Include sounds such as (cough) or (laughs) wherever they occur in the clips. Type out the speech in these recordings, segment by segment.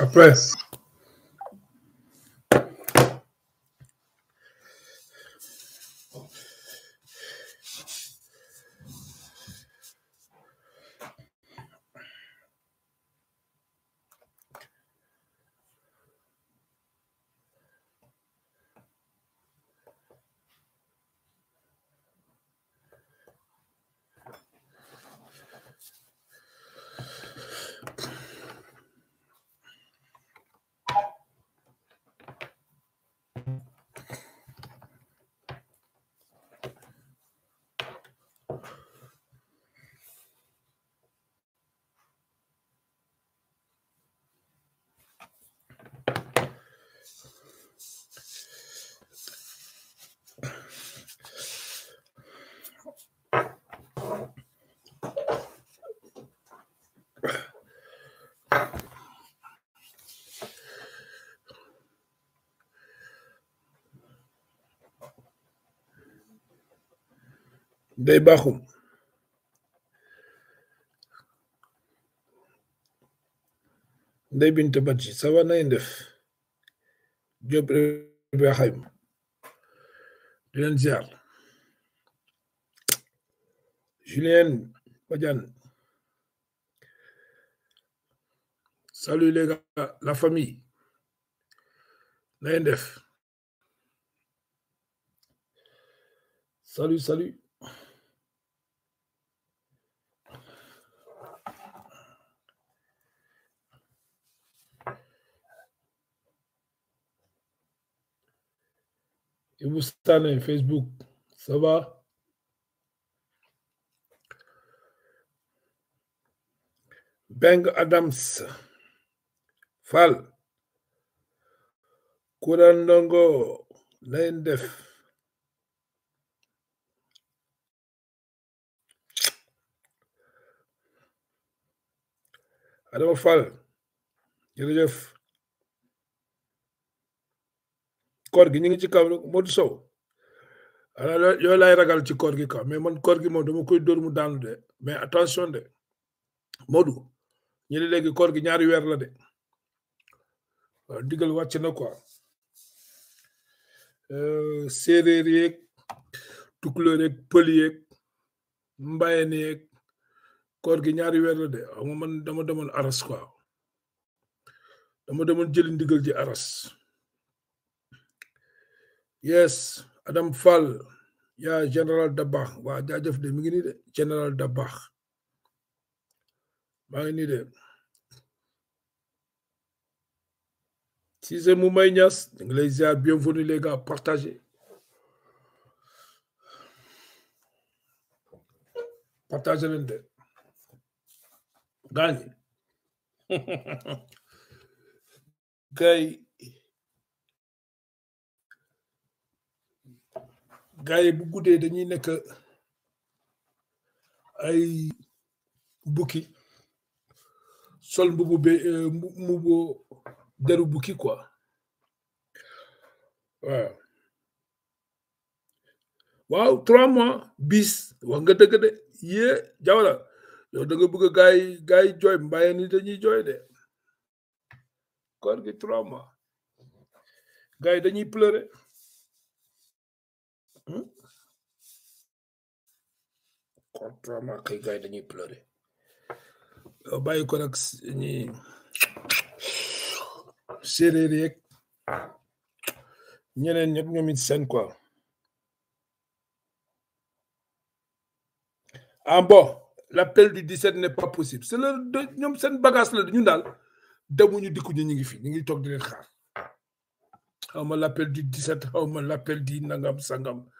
A press. De Ndeye Bintou ça va Naïndef, Dieu def Diop Rewmi Julien Padiane. salut les gars la famille Naïndef, salut salut Et vous Stanley, Facebook, ça va Beng Adams, Fall, Kurandongo, Lendef. Adama Fall, jërëjëf koor gi ñu ngi ci kaw Modou Sow yooyu laay ragal ci koor gi kaw mais man koor gi moom dama koy dóor mu daanu de mais attention de Modou ñu ne léegi koor gi ñaari weer la de waaw digal wàcc na quoi euh, séeréer yeeg tukulóor yeeg pël yeeg mbayeen yeeg koor gi ñaari weer la de xam nga man dama demoon aras quoi dama demoon jëli ndigal ji aras yes Adam Fall yeah, général Dabach, what jaajëf you mi général Dabach, maa ngi nii de Cissé Moumay Niass da nga bienvenue les gars partagez partagez de (laughs) gars yi bu guddee dañuy nekk ay bukki sol mbubu be eh, mbubu deru bukki quoi waaw waaw trois mois bis wax nga dëgg de yée jawla yow da nga bëgg gars yi gars yi jooy mbaye ni dañuy jooy de koor gi trois mois gars yi dañuy pleurer Hmm? contrairement kay gars yi dañuy pleurer. yow bàyyi ko nag ñi séeréer yeeg ñeneen ñëpp ñoom seen quoi. ah bon l'appel du 17 n'est pas possible c'est leur de ñoom seen bagage la ñu daal demuñu dikku ñu ngi fi ñu ngi toog di leen xaar xaw ma l'appel du 17 xaw ma l'appel di nangam sangam.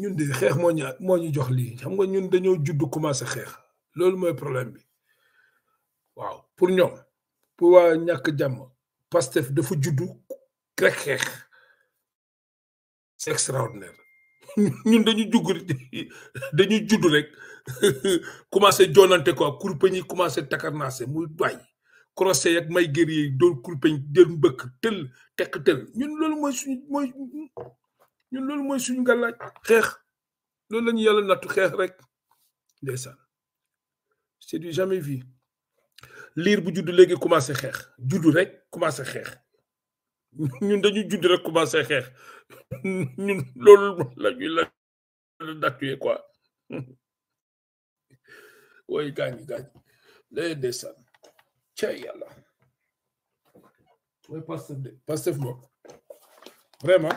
ñun di xeex moo ñu moo ñu jox lii xam nga ñun dañoo judd commencé xeex loolu mooy problème bi waaw pour ñoom pour waa ñàkk jàmm Pastef dafa judd rek xeex c'est extraordinaire (laughs) ñun dañu jugg (laughs) dañu judd rek (laughs) commencé joonante ko kurpeñ yi commencé takarnaase muy waay croisé ak may gër yi doon kurpeñ jël mbëkk tël tekk tël ñun loolu mooy suñu mooy ñun loolu mooy suñu gàllaaj xeex loolu la ñu yàlla nattu xeex rek ndeysaan c'est du jamais vu lire bu judd léegi commencé xeex judd rek commencé xeex ñun dañu judd rek commencé xeex ñun loolu la ñuy la nattuye quoi way gaañi gaañi lay ndeysaan cay yàlla mooy Pastef de Pastef moom vraiment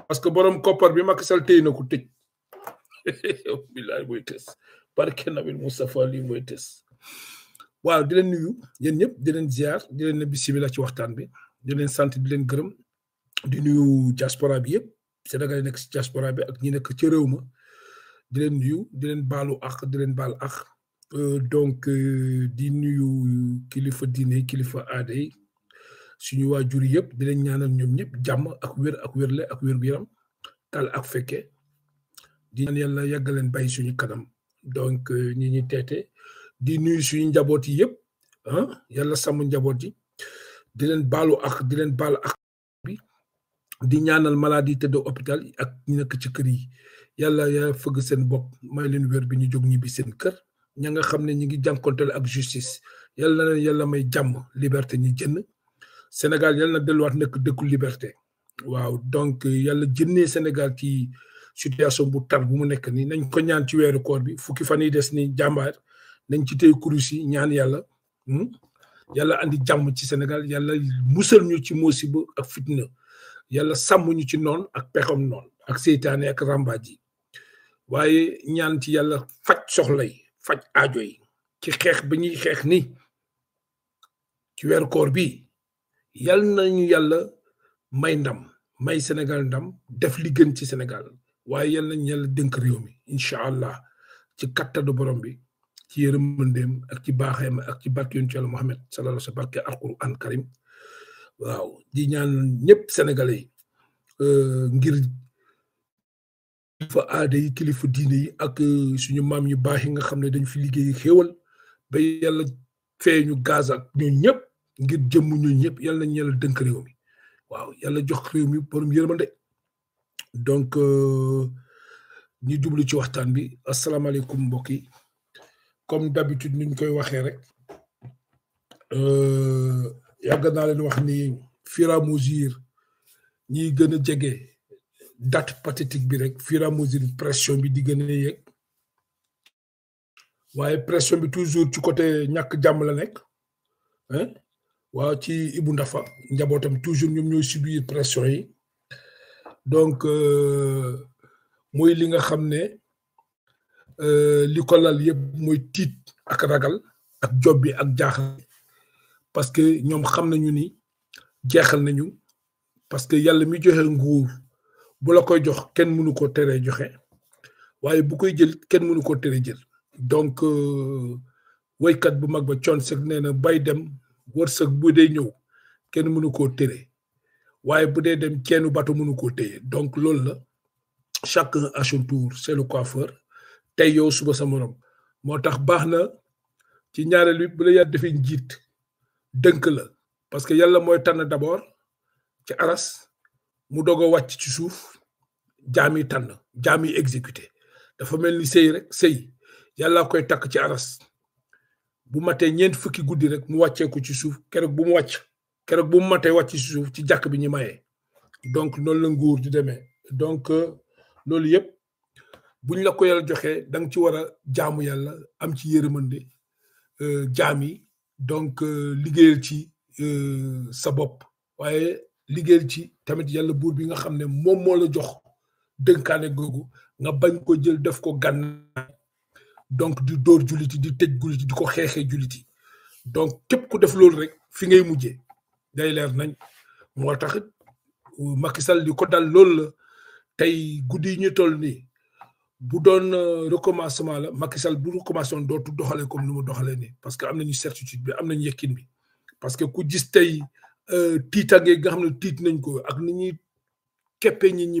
parce que borom koppar bi Macky Sall téye na ko tëj (laughs) billaay mooy tës barke Nabil Moustapha lii mooy tës waaw di leen nuyu yéen ñëpp di leen ziar di leen ne bisimilah ci waxtaan bi di leen sant di leen gërëm di nuyu diaspora bi yëpp Sénégal yi nekk ci diaspora bi ak ñi nekk ci réew ma di leen nuyu di leen baalu ak di leen baal ak euh, donc euh, di nuyu kilifa diine kilifa aada yi suñu waajur yëpp di leen ñaanal ñoom ñëpp jàmm ak wér ak wér wérle ak wér gu yaram tal ak fekke di ñaan yàlla yàgg leen bàyyi suñu kanam donc euh, ñi ñi teete di nuyu suñu njaboot yi yëpp ah yàlla sàmm njaboot yi di leen baalu ak di leen baal ak di ñaanal maladie yi tëdd ak ñi nekk ci kër yi yàlla ya fëgg seen bopp may leen wér bi ñu jóg ñibbi seen kër ña nga xam ne ñi ngi jànkonteel ak justice yàlla na yàlla may jàmm liberté ñi jënn Sénégal yalla na delluwaat nek deku liberté waaw donc yalla jënnee Sénégal ci situation bu tar bu mu nekk nii nañ ko ñaan ci wéru koor bi fukki fan yi des ni jambar nañ ci tey kurusi yi ñaan yàlla hmm? yalla andi jàmm ci Sénégal yalla mussel ñu ci mosibe ak fitna yalla sam ñu ci non ak pexam non ak seytaane ak ràmbaaj yi waaye ñaan ci yalla fajj soxlay fajj faj aajo yi ci xex ba ñuy xeex ni ci weeru koor bi yal nañu yalla may ndam may Senegal ndam def li gën ci Sénégal waaye yal nañu yalla dénk réew mi inshallah allah ci kattanu borom bi ci yërmandeem ak ci baaxeem ak ci yoon ci yàlla Muhammad sallallahu alaihi wasallam alquran karim waaw di ñaan ñëpp sénégalais yi euh, ngir fa aade yi kilifa diine yi ak euh, suñu maam yu baax yi nga xam ne dañu fi liggéey xéewal ba yàlla feeñu gaz ak ñun ñëpp ngir jëmm ñooñu ñëpp yàlla nañu yàlla dënk réew waaw yàlla jox réew mi borom yërmande donc euh, ñu jublu ci waxtaan bi asalaamaaleykum mbokk yi comme d'habitude ni ñu koy waxee rek euh, yàgg naa leen wax ni fur et à mesure ñiy gën a jege date pathétique bi rek fur et à mesure pression bi di gën a yegg waaye pression bi toujours ci côté ñàkk jàmm la nekk hein waaw ci Ibou Ndafa njabotam toujours ñom ñoy subir pression yi donc euh, moy li nga xam euh li ko lal yeb moy tit ak ragal ak job bi ak jaaxal parce que ñom xamnañu ni jéxal nañu parce que yalla mi joxe nguur bu la koy jox kenn mënu ko téré joxe waye bu koy jël kenn mënu ko téré jël donc euh, kat bu mag ba coon sek neena na bay dem war wërsëg bu dee ñëw kenn mënu koo tere waaye bu dee dem kenn bato mënu koo téye donc loolu la chaque à son tour c'est le tey yow suba sa morom moo tax baax na ci ñaareel bi bu la yàlla defee njiit dënk la parce que yàlla mooy tànn d'abord ci aras mu doog a wàcc ci suuf jaam yi tànn jaam yi exécuté dafa mel ni sëy rek sëy yàlla koy takk ci aras bu matee ñeent fukki guddi rek mu wàcceeku ci suuf keroog bu mu wacc keroog bu mu maté wacc ci suuf ci jàkk bi ñu mayee donc noonu la nguur di démé donc euh, loolu yépp buñ la ko yàlla joxee da ci wara jaamu yalla am ci yërëmande euh jaami donc euh, liggéeyal ci euh sa bop wayé liggéeyal ci tamit yalla bur bi nga xamné mom mo la jox dënkaane gogu nga bañ ko jël def ko gànnaay donc du door julliti di tëj julliti di donc kep ku def lolou rek fi ngay mujjé day leer nañ motax Macky Sall di dal lolou tay ñu toll ni bu doon euh, recommencement Macky Sall bu recommencement comme ni mu ni. parce que amna ñu certitude bi amna parce que euh, nga nañ ko ak ni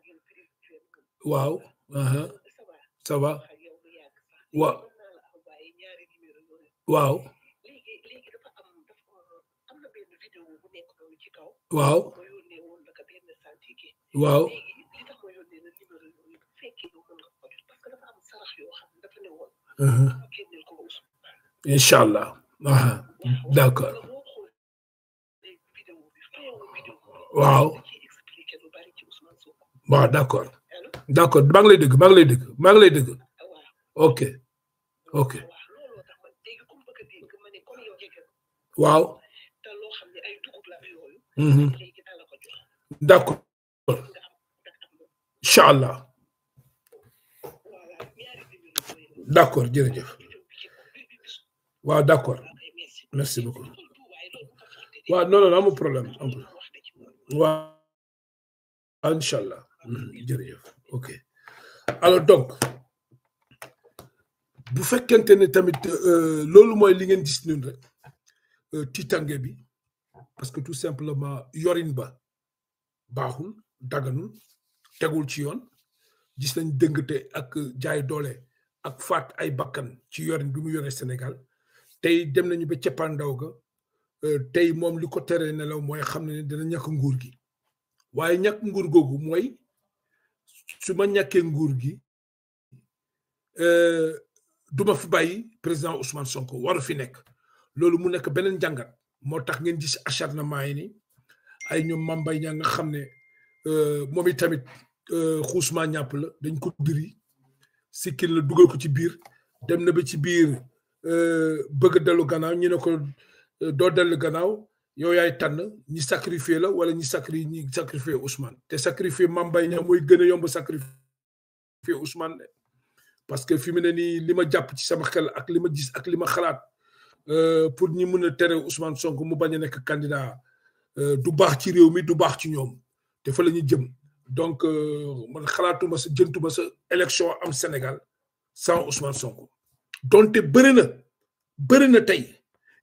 waaw ça va waaw waaw waaw waaw incha allah d'accord waaw waaw d'accord d'accord maa ngi lay dégg maa ngi lay dégg maa lay dégg ok ok waaw mhm. d'accord incha allah d'accord jërëjëf waaw d'accord merci beaucoup waaw non non problème amul waaw incha allah mhm, jërëjëf ok alors donc bu fekkente ne tamit euh, loolu mooy li ngeen gis ñun rek euh, tiitange bi parce que tout simplement yorin ba baaxul daganul tegul ci yoon gis nañ dëngate ak jaay doole ak faat ay bakkan ci yorin bi mu yore Sénégal tey dem nañu ba cappaandaw ga euh, tey moom li ko tere nelaw mooy xam ne dina ñàkk nguur gi waaye ñàkk nguur googu mooy su ma ñàkkee nguur gi euh, du ma fu bàyyi président Ousmane Sonko waru fi nekk loolu mu nekk beneen jàngat moo tax ngeen gis acharnement yi ni ay ñoom mambay ñaa nga xam ne euh, moom i tamit euh, xuusma ñàpp la dañ ko diri sikkin la dugal ko ci biir dem na ba ci biir bëgg dellu gannaaw ñu ne ko doo dellu gannaaw yow yaay tànn ñi sacrifier la wala ni sacrifier ni sacrifier Ousmane té sacrifier Mame Mbaye moy mooy gën a yomb sacrifier Ousmane de parce que fi mu ne nii li ci sama xel ak lima gis ak lima ma euh pour ñi mëna téré Ousmane Sonko mu bañ nek candidat euh du baax ci réew mi du baax ci ñom té fa lañu jëm donc euh, man xalaatuma sa jëntuma sa élection am Sénégal sans Ousmane Sonko donte bëre na bëre na tay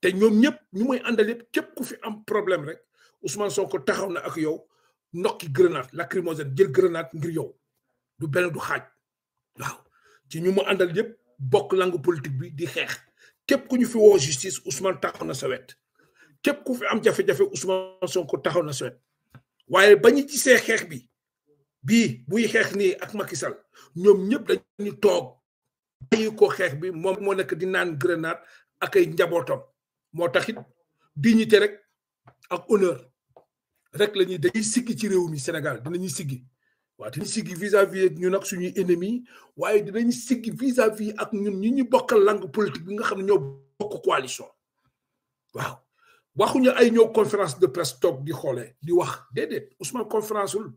te ñoom ñëpp ñu may àndal yëpp képp ku fi am problème rek Ousmane Sonko taxaw na ak yow nokki grenade lacrymogène jël grenade ngir yow du benn du xaaj waaw ci ñu ma àndal yëpp bokk langue politique bi di xeex képp ku ñu fi woo justice Ousmane taxaw na sawet képp ku fi am jafe-jafe Ousmane Sonko taxaw na sawet wet waaye ba ñu gisee xeex bi bii buy xeex ni ak Macky Sall ñoom ñëpp dañu toog bàyyi ko xeex bi moom moo nekk di naan grenade ak ay njabootam moo taxit dignité rek ak honneur rek la ñuy dañuy siggi ci réew mi Sénégal dinañuy siggi waaw dinañ siggi vis-à-vis ak ñun ak suñuy ennemi waaye dinañ siggi vis-à-vis ak ñun ñi ñu bokkal langue politique bi nga xam ne ñoo bokk coalition waaw waxuñu ay ñëw conférence de presse toog di xoolee di wax déedéet Ousmane conférence wul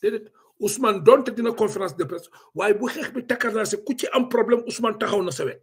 déedéet Ousmane donte dina conférence de presse waaye bu xeex bi takkarnaase ku ci am problème Ousmane taxaw na sawet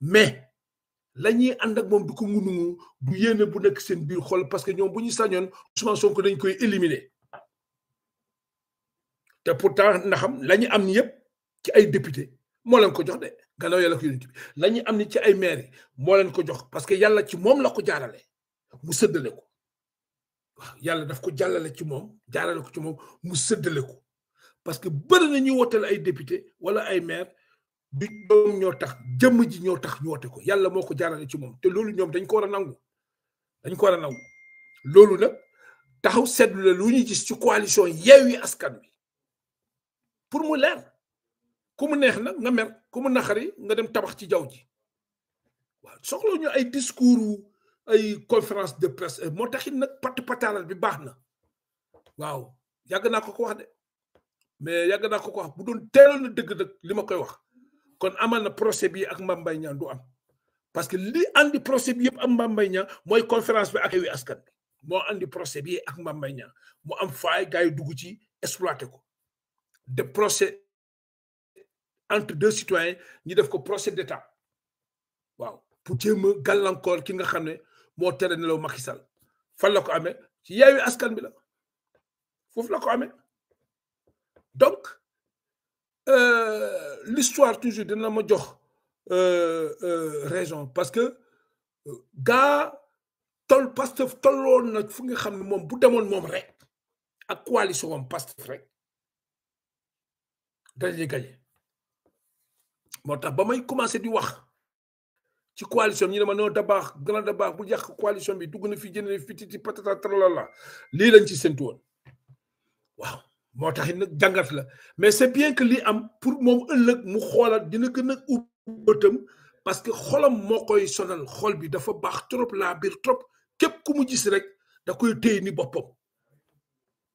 mais lañuy and ak mom du ko ngunumu du yéene bu nek seen biir xol parce que ñom buñu ñu Ousmane Sonko dañ koy éliminer té pourtant na xam la am ñep ci ay député mo leen ko jox de gannaaw yàlla ko yonent bi la am ni ci ay maire mo leen ko jox parce que yalla ci mom la ko jaarale mu sëddale ko waaw yàlla daf ko jallalé ci mom jaarale ko ci mom mu sëddale ko parce que bëri na wotal ay député wala ay maire bi doom ñoo tax jëmm ji ñoo tax ñu woote ko yàlla moo ko jaarale ci moom te loolu ñoom dañ ko war a nangu dañ ko war a nangu loolu nag taxaw seetlu la lu ñu gis ci coalition Yewwi Askan Wi pour mu leer ku mu neex na nga mer ku mu naxari nga dem tabax ci jaww ji waaw soxla ñu ay discours ay conférence de presse eh, moo taxit nag pat pataalal bi baax na waaw yàgg naa ko ko wax de mais yàgg naa ko ko wax bu doon teeloon na dëgg nag li ma koy wax kon amal na procès bi ak Mame Mbaye du am parce que li andi procès bi yëpp ak Mame Mbaye Niang mooy conférence bi ak wi Askan mo andi procès bi ak Mame Mbaye Niang mu am fay gars yi dugg ci exploiter ko de procès entre deux citoyens ñi def ko procès d'état waaw pour jéem a ki nga xamne mo moo tere ne law Macky Sall fan la ko amee ci Yewwi Askan bi la fofu la ko amé donc euh, l'histoire toujours donne la jox euh, euh, raison parce que le tol pasteur tolloon nag nga bu demone mom rek ak coalition rek dañuy gagner motax bamay commencer di wax ci coalition ñu dama no tabax bu coalition bi fi fi titi patata tralala li lañ ci won waaw moo taxit nag la mais c'est bien que li am pour mom euleuk mu xolal dina gën a ubbatam parce que xolam mo koy sonal xol bi dafa baax trop laa biir trop kep ku mu gis rek da koy téye ni boppam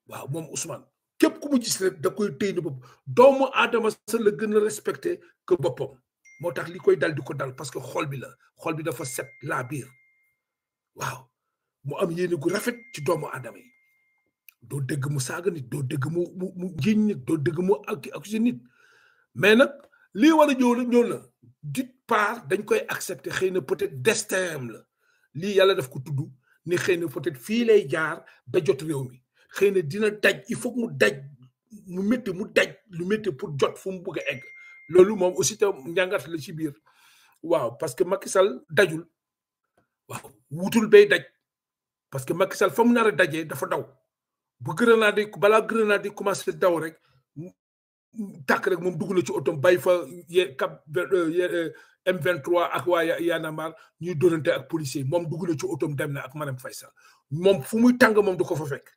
waaw mom Ousmane kep ku mu gis rek da koy téye ni boppam doomu adama sa le gëna respecter respecté que boppam moo li koy dal di ko dal parce que xol bi la xol bi dafa set la bir waaw mu am yene gu rafet ci doomu adama yi do deug mu saaga nit do deug mu ak mais accepter xeyna peut-être destin la daf ko ni xeyna peut-être fi lay jaar ba jot il faut mu daj mu metti mu daj lu pour jot fu mu egg mom aussi te njàngat la ci biir waaw parce que Macky dajul waaw bay daj parce que Macky Sall que bu grenade yi balaa grenade yi daw rek tàkk rek ci otom bay fa cap euh, euh, M23 ak wa Y'en a marre ñuy dóorante ak police mom dugg ci otom dem na ak Marème Faye mom fu muy tang mom du ko fa fek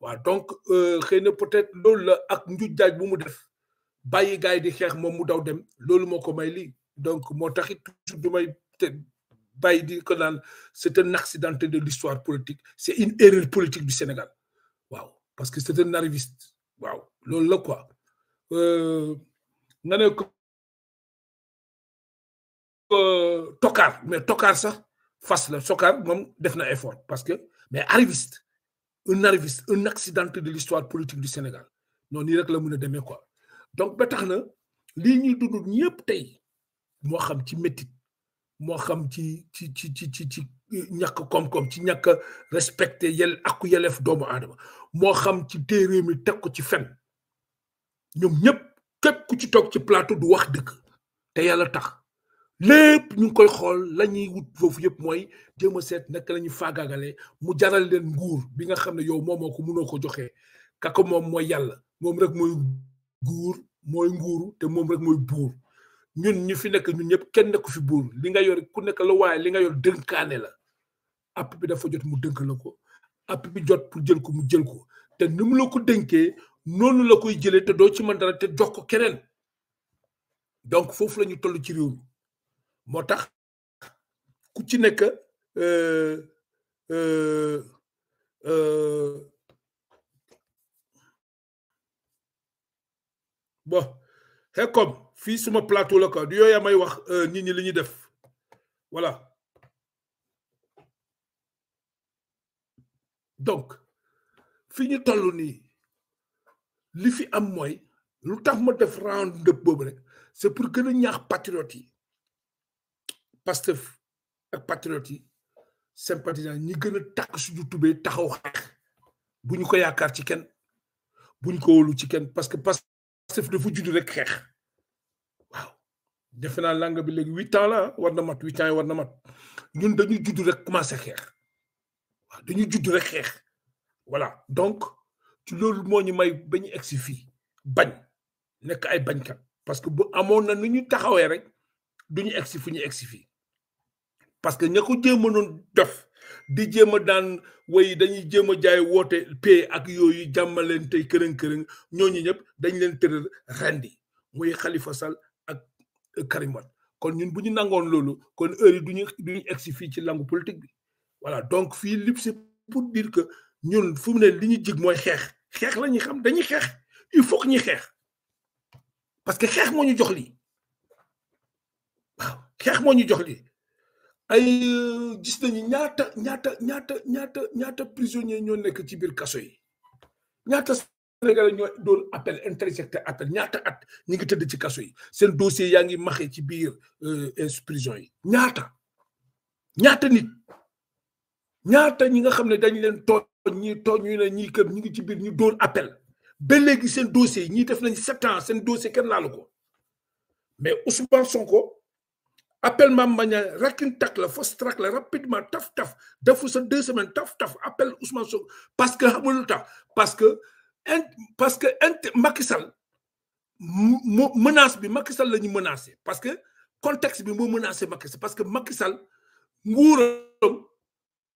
wa donc euh, xëy na peut-être loolu la ak njuj jaaj bu mu def bàyyi gars di xeex mom mu daw dem loolu moo may donc moo taxit toujours du may te di ko naan c'est un accident de l'histoire politique c'est une erreur politique du Sénégal parce que c'était un arriviste Waouh, le quoi euh, euh, mais tokar ça, face effort parce que mais arriviste un arriviste un accident de l'histoire politique du Sénégal Non, quoi donc ba ligne de ñuy xam ñàkk koom-koom ci ñàkk respecté yel akku yelef doomu aadama moo xam ci téere mi teg ko ci fen ñoom ñëpp képp ku ci toog ci plateau du wax dëkk te yàlla tax lépp ñu ngi koy xool la ñuy wut foofu yëpp mooy jéem a seet naka la ñuy faagaagalee mu jaral leen nguur bi nga xam ne yow moomoo ko mënoo ko joxe kaka moom mooy yàlla moom rek mooy nguur mooy nguuru te moom rek mooy buur ñun ñu fi nekk ñun ñëpp kenn nekku fi buur li nga yor ku nekk la waaye li nga yor dënkaane la app bi dafa jot mu dënk la ko app bi jot pour jël ko mu jël ko te ni mu la ko dënkee noonu la koy jëlee te doo ci mën dara te jox ko keneen donc foofu la ñu toll ci réew mi moo tax ku ci nekk euh, euh, euh, bon xekom fii suma plateau la quoi du yooya may wax nit ñi li ñuy def donc finit dans ni li fi am nous lutax ma def c'est pour que le ñaax patriotes parce Pastef ak sympathisants ñi gëna a suñu tubee taxaw xex buñ ko ci kenn buñ ko ci parce que Pastef dafa judd rek xex waaw defe bi huit ans la warna ans warna ñun dañu dañu judd rek xeex voilà donc ci loolu moo ñu may ba ñu egsi fii bañ nekk ay bañkat parce que bu amoon na nu ñu taxawee rek duñu egsi fu ñu egsi fii parce que ña ko jéem noon def di jéem daan way dañuy jéem a jaay woote paix ak yooyu jàmmaleen tey kërën kërën ñooñu ñëpp dañ leen tëral rendi muy Khalifa sal ak Karim Wade kon ñun bu ñu nangoon loolu kon heure yi duñu duñu egsi fii ci langue politique bi voilà donc Philippe, c'est pour dire que ñun fu ne jig il faut que parce que xex nous ñu jox li xex mo ñu jox ay euh, gis nañu ñaata ñaata ñaata ñaata ñaata ci yi ñaata appel appel ñaata at ñi ngi ci yi dossier yaa ngi ci euh, prison yi ñaata ñaata nit ñaata ñi nga dañ leen ñi appel dossier def nañ sept ans dossier mais Ousmane Sonko appel m'a la rapidement taf taf defu sa deux semaines taf taf appel Ousmane Sonko parce que xamul parce que parce que makissal Macky menace bi la parce que contexte bi parce que Macky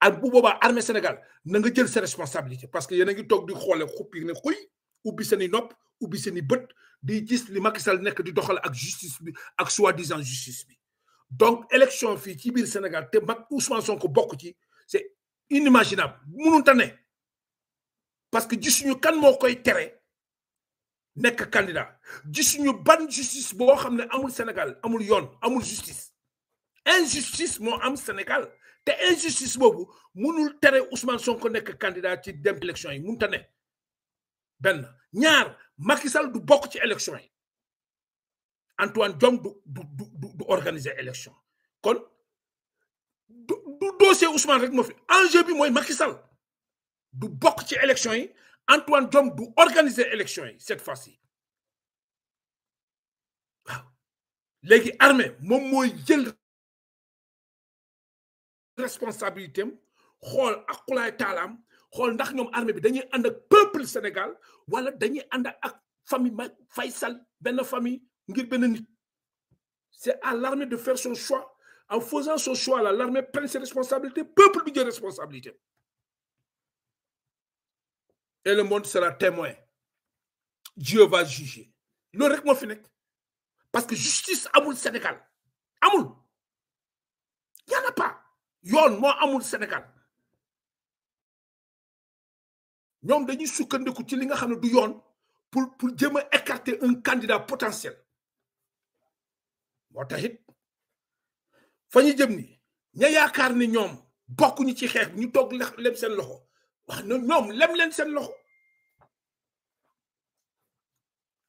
And armée Sénégal na nga jël ses responsabilité parce que a ngi ne xuy seni nop seni beut di gis li Macky Sall di doxal ak justice bi ak soi-disant justice bi donc élection fi ci Sénégal te Ousmane Sonko ci c'est inimaginable tané parce que gisuñu kan mo koy tere nek candidat ban justice bo amul Sénégal amul yone, amul justice injustice mo am Sénégal te injustice boobu munul tere Ousmane Sonko nek candidat ci dem élection yi munta né ben ñaar Macky Sall du bok ci élection yi Antoine Diom du du du organiser élection kon du dossier Ousmane rek mo fi enjeu bi moy Macky Sall du bok élection Antoine Diom du organiser élection yi cette fois-ci les armée responsabilité rôle, xool ak xulaay taalaam xool ndax ñoom armée bi dañuy peuple Sénégal wala dañuy ànd ak famille Faisal ben famille ngir benn nit c'est à l'armée de faire son choix en faisant son choix là l'armée prend ses responsabilités peuple bi des responsabilités, et le monde sera témoin Dieu va juger le rek moo fi parce que justice amul Sénégal amul y en a pas yoon moo amul Sénégal ñoom dañuy sukkandiku ci li nga xam ne du yoon pour pour jéem a écarter un candidat potentiel moo taxit it fa ñu jëm ña yaakaar ni ñoom bokkuñu ci xeex ñu toog lem seen loxo wax na ñoom lem leen seen loxo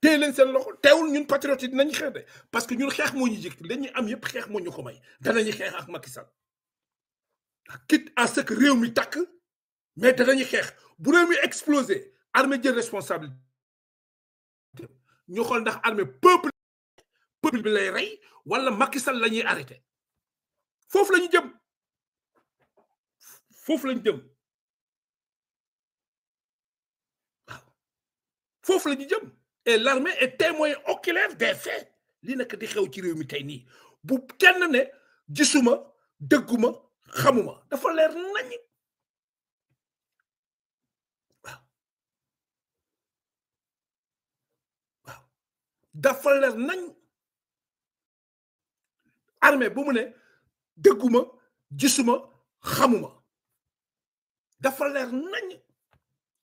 téye leen seen loxo teewul ñu patriote yi dinañu xeex de parce que ñu xeex moo ñu jëkk dañuy am yëpp xeex moo ñu ko may danañu xeex ak Macky Sall quitte à ce que réew mi tàkk mais danañu xeex bu réew mi exploser. armée de responsabilité ñu xool ndax armée peuple peuple bi lay rey wala Makissal Sall la arrêté foofu la jëm la jëm la jëm et l'armée est témoin oculaire des faits li nekk di xew ci réew mi tey nii bu kenn ne gisuma dëgguma xamuma dafa leer nañ waaw dafa leer nañ armée bu mu ne dëgguma gisuma xamuma dafa leer nañ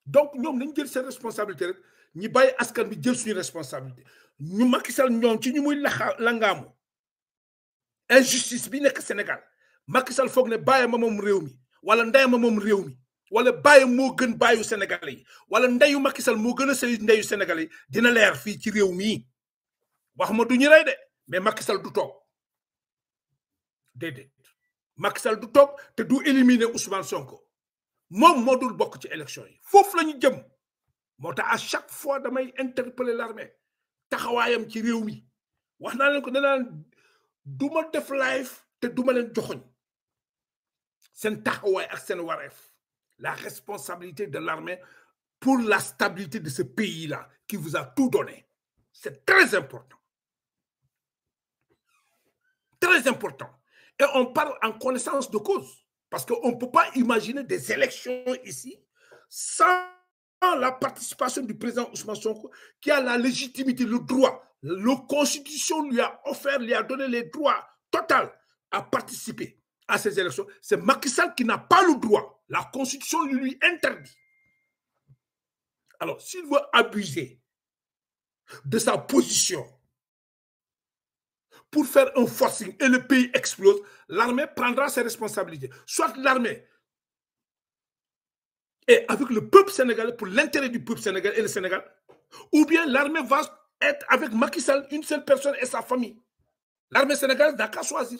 donc ñoom nañ jël seen responsabilité rek ñi bàyyi askan bi jël suñu responsabilité ñu Macky Sall ñoom ci ñu muy laxa langaamu injustice bi nekk Sénégal Macky Sall foog ne bàyyi ma moom réew mi wala ndey ma moom réew mi wala bàyyi moo gën bàyyu Sénégalais yi wala ndeyu Macky Sall moo gën a sëy ndeyu Sénégalais dina leer fii ci réew mii wax ma du ñu rey de mais Macky Sall du toog déedéet Macky du toog te du éliminer Ousmane Sonko moom moo dul bokk ci élection yi foofu la ñu jëm moo tax à chaque fois damay interpeller l'armée taxawaayam ci réew mi wax naa leen ko danaa du ma def live te du ma leen joxoñ C'est la responsabilité de l'armée pour la stabilité de ce pays-là qui vous a tout donné c'est très important très important et on parle en connaissance de cause parce qu'on ne peut pas imaginer des élections ici sans la participation du président Ousmane Sonko qui a la légitimité, le droit. La Constitution lui a offert, lui a donné les droits total à participer à ces élections, c'est Macky Sall qui n'a pas le droit. La Constitution lui interdit. Alors, s'il veut abuser de sa position pour faire un forcing et le pays explose, l'armée prendra ses responsabilités. Soit l'armée est avec le peuple sénégalais pour l'intérêt du peuple sénégalais et le Sénégal, ou bien l'armée va être avec Macky Sall, une seule personne et sa famille. L'armée sénégalaise n'a qu'à choisir.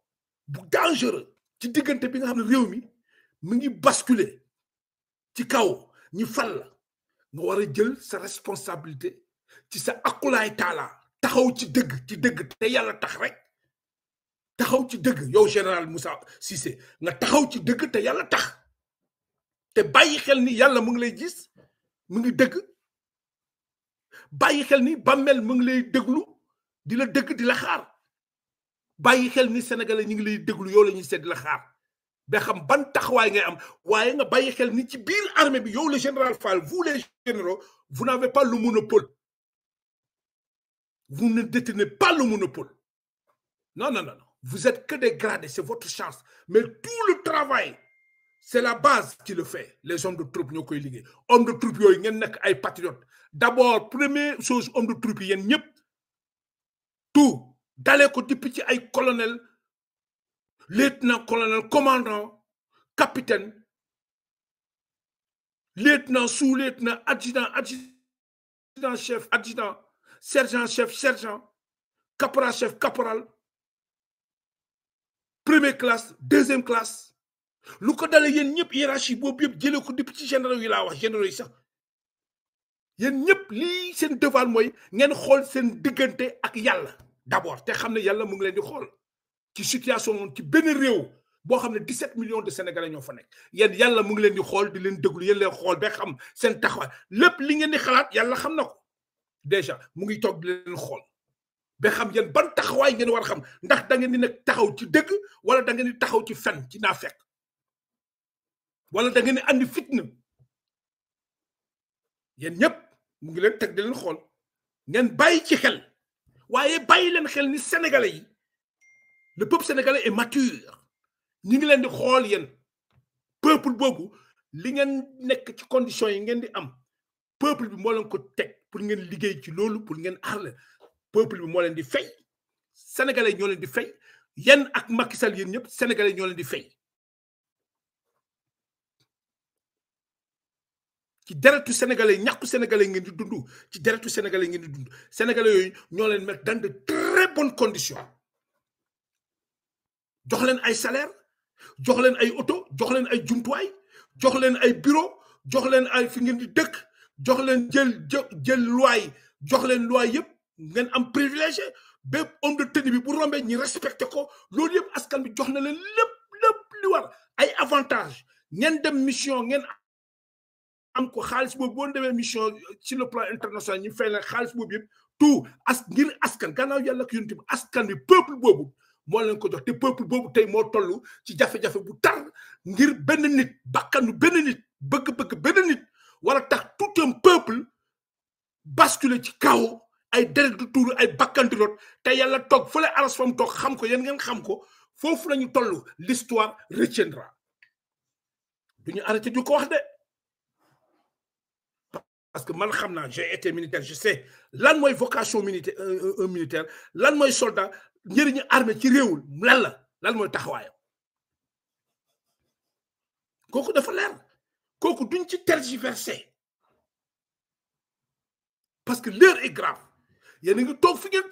dangereux ci diggante bi nga xamné ne réew mi mu ngi basculer ci kaw ñu fal la nga wara jël sa responsabilité ci sa akulaay taala taxaw ci dëgg ci dëgg te yalla tax rek taxaw ci dëgg yow général Moussa Cissé nga taxaw ci dëgg te yalla tax te bayyi xel ni yalla mu ngi lay gis mu ngi dëgg bayyi xel ni bammel mu ngi lay déglu di la dëgg di la xaar bàyyi xel ni sénégalais ñi ngi lay déglu yow la ñuy seet la xaar ba xam ban taxawaay ngay am waaye nga bàyyi xel ni ci biir armée bi yow le général Fall vous les généraux vous n'avez pas le monopole vous ne détenez pas le monopole non non non vous êtes que des gradés c'est votre chance mais tout le travail c'est la base qui le fait les hommes de troupes ñokoy liggé hommes de troupes, yoy ngeen nak ay patriotes d'abord première chose hommes de troupes, yi ñep tout d'aller ko depuis colonel lieutenant colonel commandant capitaine lieutenant sous-lieutenant adjudant adjudant chef adjudant sergent chef sergent caporal chef caporal première classe deuxième classe lu ko dalee yéen ñëpp hiérarchie boobu yëpp jëlee ko depuis ci généraux yi la wax général yi sax yéen ñëpp li seen devoir moy ngeen xol seen ak yalla d'abord te xam ne yàlla mu ngi leen di xool ci situation ci benn réew boo xam ne 17 millions de sénégalais ñoo fa nekk yéen yàlla mu ngi leen di xool di leen déglu yéen leen xool bee xam seen taxawaay lépp li ngeen di xalaat yàlla xam na ko déjà mu ngi toog di leen xool ba xam yéen ban taxawaay ngeen war a xam ndax da ngeen di nekk taxaw ci dëgg wala da ngeen di taxaw ci fen ci naa fekk wala da ngeen di andi fitna yéen ñëpp mu ngi leen teg di leen xool ngeen bàyyi ci xel. waaye bàyyi leen xel ni sénégalais yi le peuple sénégalais est mature ñu ngi leen di xool yéen peuple boobu li ngeen nekk ci conditions yi ngeen di am peuple bi moo leen ko teg pour ngeen liggéey ci loolu pour ngeen aar leen peuple bi moo leen di fay sénégalais ñoo di fay yéen ak Macky Sall yéen ñëpp sénégalais ñoo di fay ci deretu sénégalais ñakku sénégalais ngeen di dund ci deretu sénégalais ngeen di dund sénégalais yoy ñoo leen mettre dans de très bonnes conditions jox leen ay salaire jox leen ay auto jox leen ay jumtuwaay jox leen ay bureau jox leen ay fi ngeen di dëkk jox leen jël jël loi jox leen loi yépp ngeen am privilégié bépp homme de tenue bi bu rombé ñi respecté ko loolu yépp askan bi jox na leen lépp lépp li war ay avantage ngeen dem mission ngeen am ko xaalis bo boo demee mission ci euh, le plan international ñu fay leen xaalis boobu tout as ngir askan gannaaw yalla ak yonent askan bi peuple bobu mo leen ko jox te peuple bobu tay mo tollu ci jafé jafé bu tar ngir ben nit bakkanu ben nit bëgg-bëgg ben nit wala tax tout un peuple basculer ci kaw ay deret du tuuru ay bakkan di rot te yàlla toog fële aras fam tok xam ko yéen ngeen xam ko fofu lañu tollu l'histoire retiendra duñu arrêté du ko wax de parce que man j'ai été militaire je sais lan vocation militaire euh, euh, un militaire lan moy soldat njëriñu armée ci réewul lan la lan moy taxawaayam koku dafa leer koku duñ ci tergiverser parce que l'heure est grave y a ngi gens fi ngeen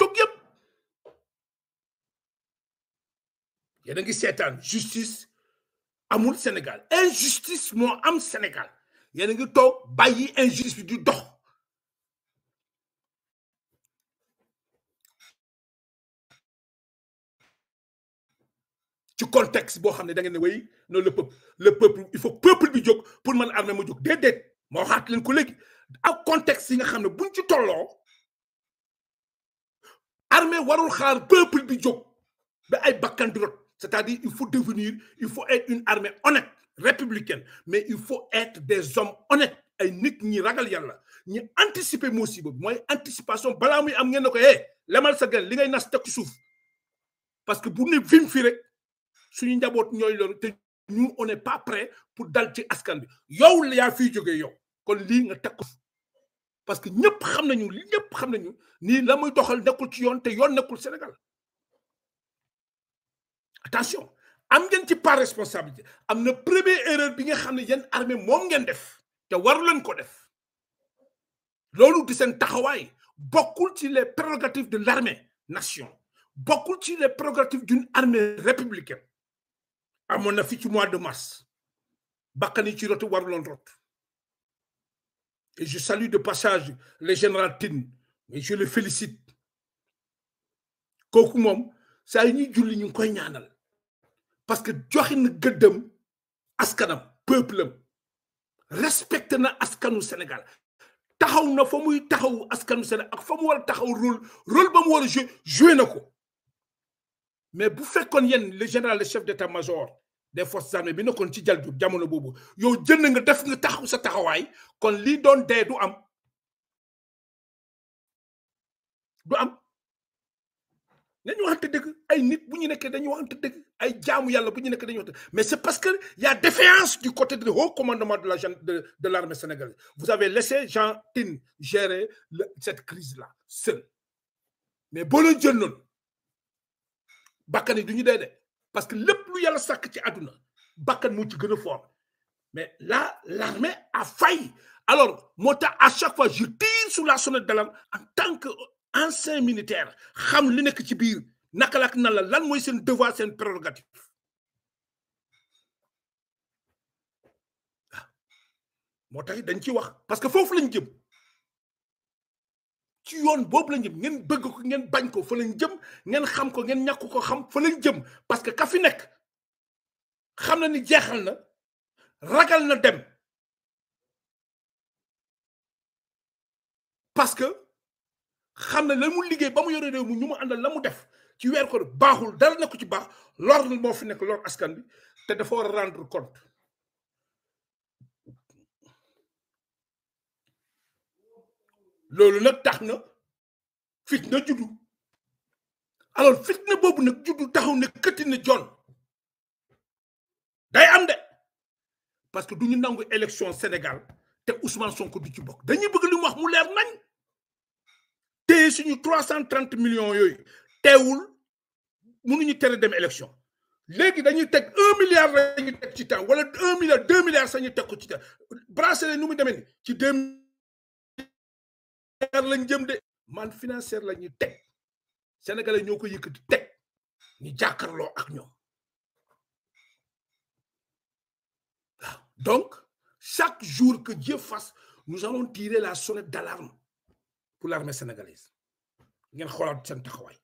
Il y a justice amul Sénégal injustice mo am Sénégal yéen a ngi toog bàyyi injustice bi di dox ci contexte boo xam ne da ngeen ne way non le peuple le peuple il faut peuple bi jóg pour mën armée mu jóg déedéet ma waxaat leen ko léegi ak contexte yi nga xam ne buñ ci tolloo armée warul xaar peuple bi jóg ba ay bakkan di rot c'est-à-dire il faut devenir il faut être une armée honnête républicaine mais il faut être des hommes honnêtes ni nous, ni ragal ni nous, anticiper nous, anticipation nous, muy am nous, eh, nous, parce que vous nous nous, nous rek suñu on n'est pas prêt pour dal à askan bi yow yow kon parce que nous xam nous li nous sommes la attention am ngeen ci par responsabilité am première erreur bi nga ne armée moom ngeen def te war leen ko def loolu di seen les prérogatives de l'armée nation Beaucoup ci les prérogatives d'une armée républicaine À mon fi ci mois de mars ci rotu et je salue de passage le général Tin, mais je le félicite kooku moom saa julli ñu parce que joxine na gëddëm askanam peuple respecte na askanu Sénégal taxaw na fa muy taxaw askanu Sénégal ak fa mu war taxaw rôle rôle ba mu war jouer jouer nako mais bu fekkoon yéen le général le chef d'état-major des forces armées bi nekkoon ci jal jamono bobu yow jeun nga def nga taxaw sa taxaway kon li don dee du am du am nañu waxante deug ay nit bu ñu nekkee dañu waxante deug mais c'est parce qu'il y a défiance du côté du haut commandement de l'armée sénégalaise vous avez laissé Jean Tine gérer cette crise là seul mais bonjour leen Bakane noonu bakkan parce que le plus il y a de bakkan Bakane ci gën mais là l'armée a failli alors Mota à chaque fois je tire sur la sonnette de d'alarme en tant qu'ancien militaire xam li ci naka la lan moy sen devoir sen prérogative ah. moo tax dañ ciy wax parce que fofu lañ jëm ci yoon bobu lañ jëm ngeen bëgg ko ngeen bañ ko fa lañ jëm ngeen xam ko ngeen ñàkk ko xam fa lañ jëm parce que ka fi nek xam na ni jéxal na ragal na dem parce que xam na la mu liggéey ba mu yore réew mu ñu mu la mu def ci weer ko baaxul dara na ci baax lor moo fi nekk lor askan bi te dafa war a rendre compte loolu nag tax na fitna juddu alors fitna boobu nag juddu taxaw ne këtti na jon day am de parce que duñu ñu nangu élection Sénégal te Ousmane Sonko du ci bokk dañuy bëgg li mu wax mu leer nañ te suñu 330 millions yooyu teewul ñu tere dem élection léegi dañuy teg un milliard la ñu teg ci temps wala un milliard deux milliards sax ñu teg ko ci temps bracelet nu mu demee ni ci deux milliards lañ jëm de man financière la ñuy teg sénégalais ñoo ko yëkkati teg ñu jàkkaarloo ak ñoom waaw donc chaque jour que Dieu fasse nous allons tirer la sonnette d'alarme pour l'armée sénégalaise ngeen xoolaat sen taxawaay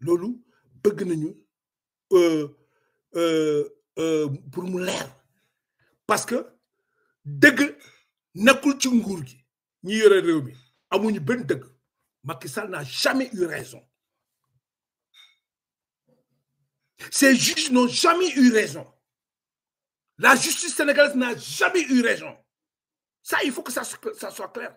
lolo, bëgg nañu euh, euh, euh, pour mu leer parce que dëgg que ci nguur gi ñi yore réew mi amuñu dëgg Macky n'a jamais eu raison ces juges n'ont jamais eu raison la justice sénégalaise n'a jamais eu raison ça il faut que ça ça soit clair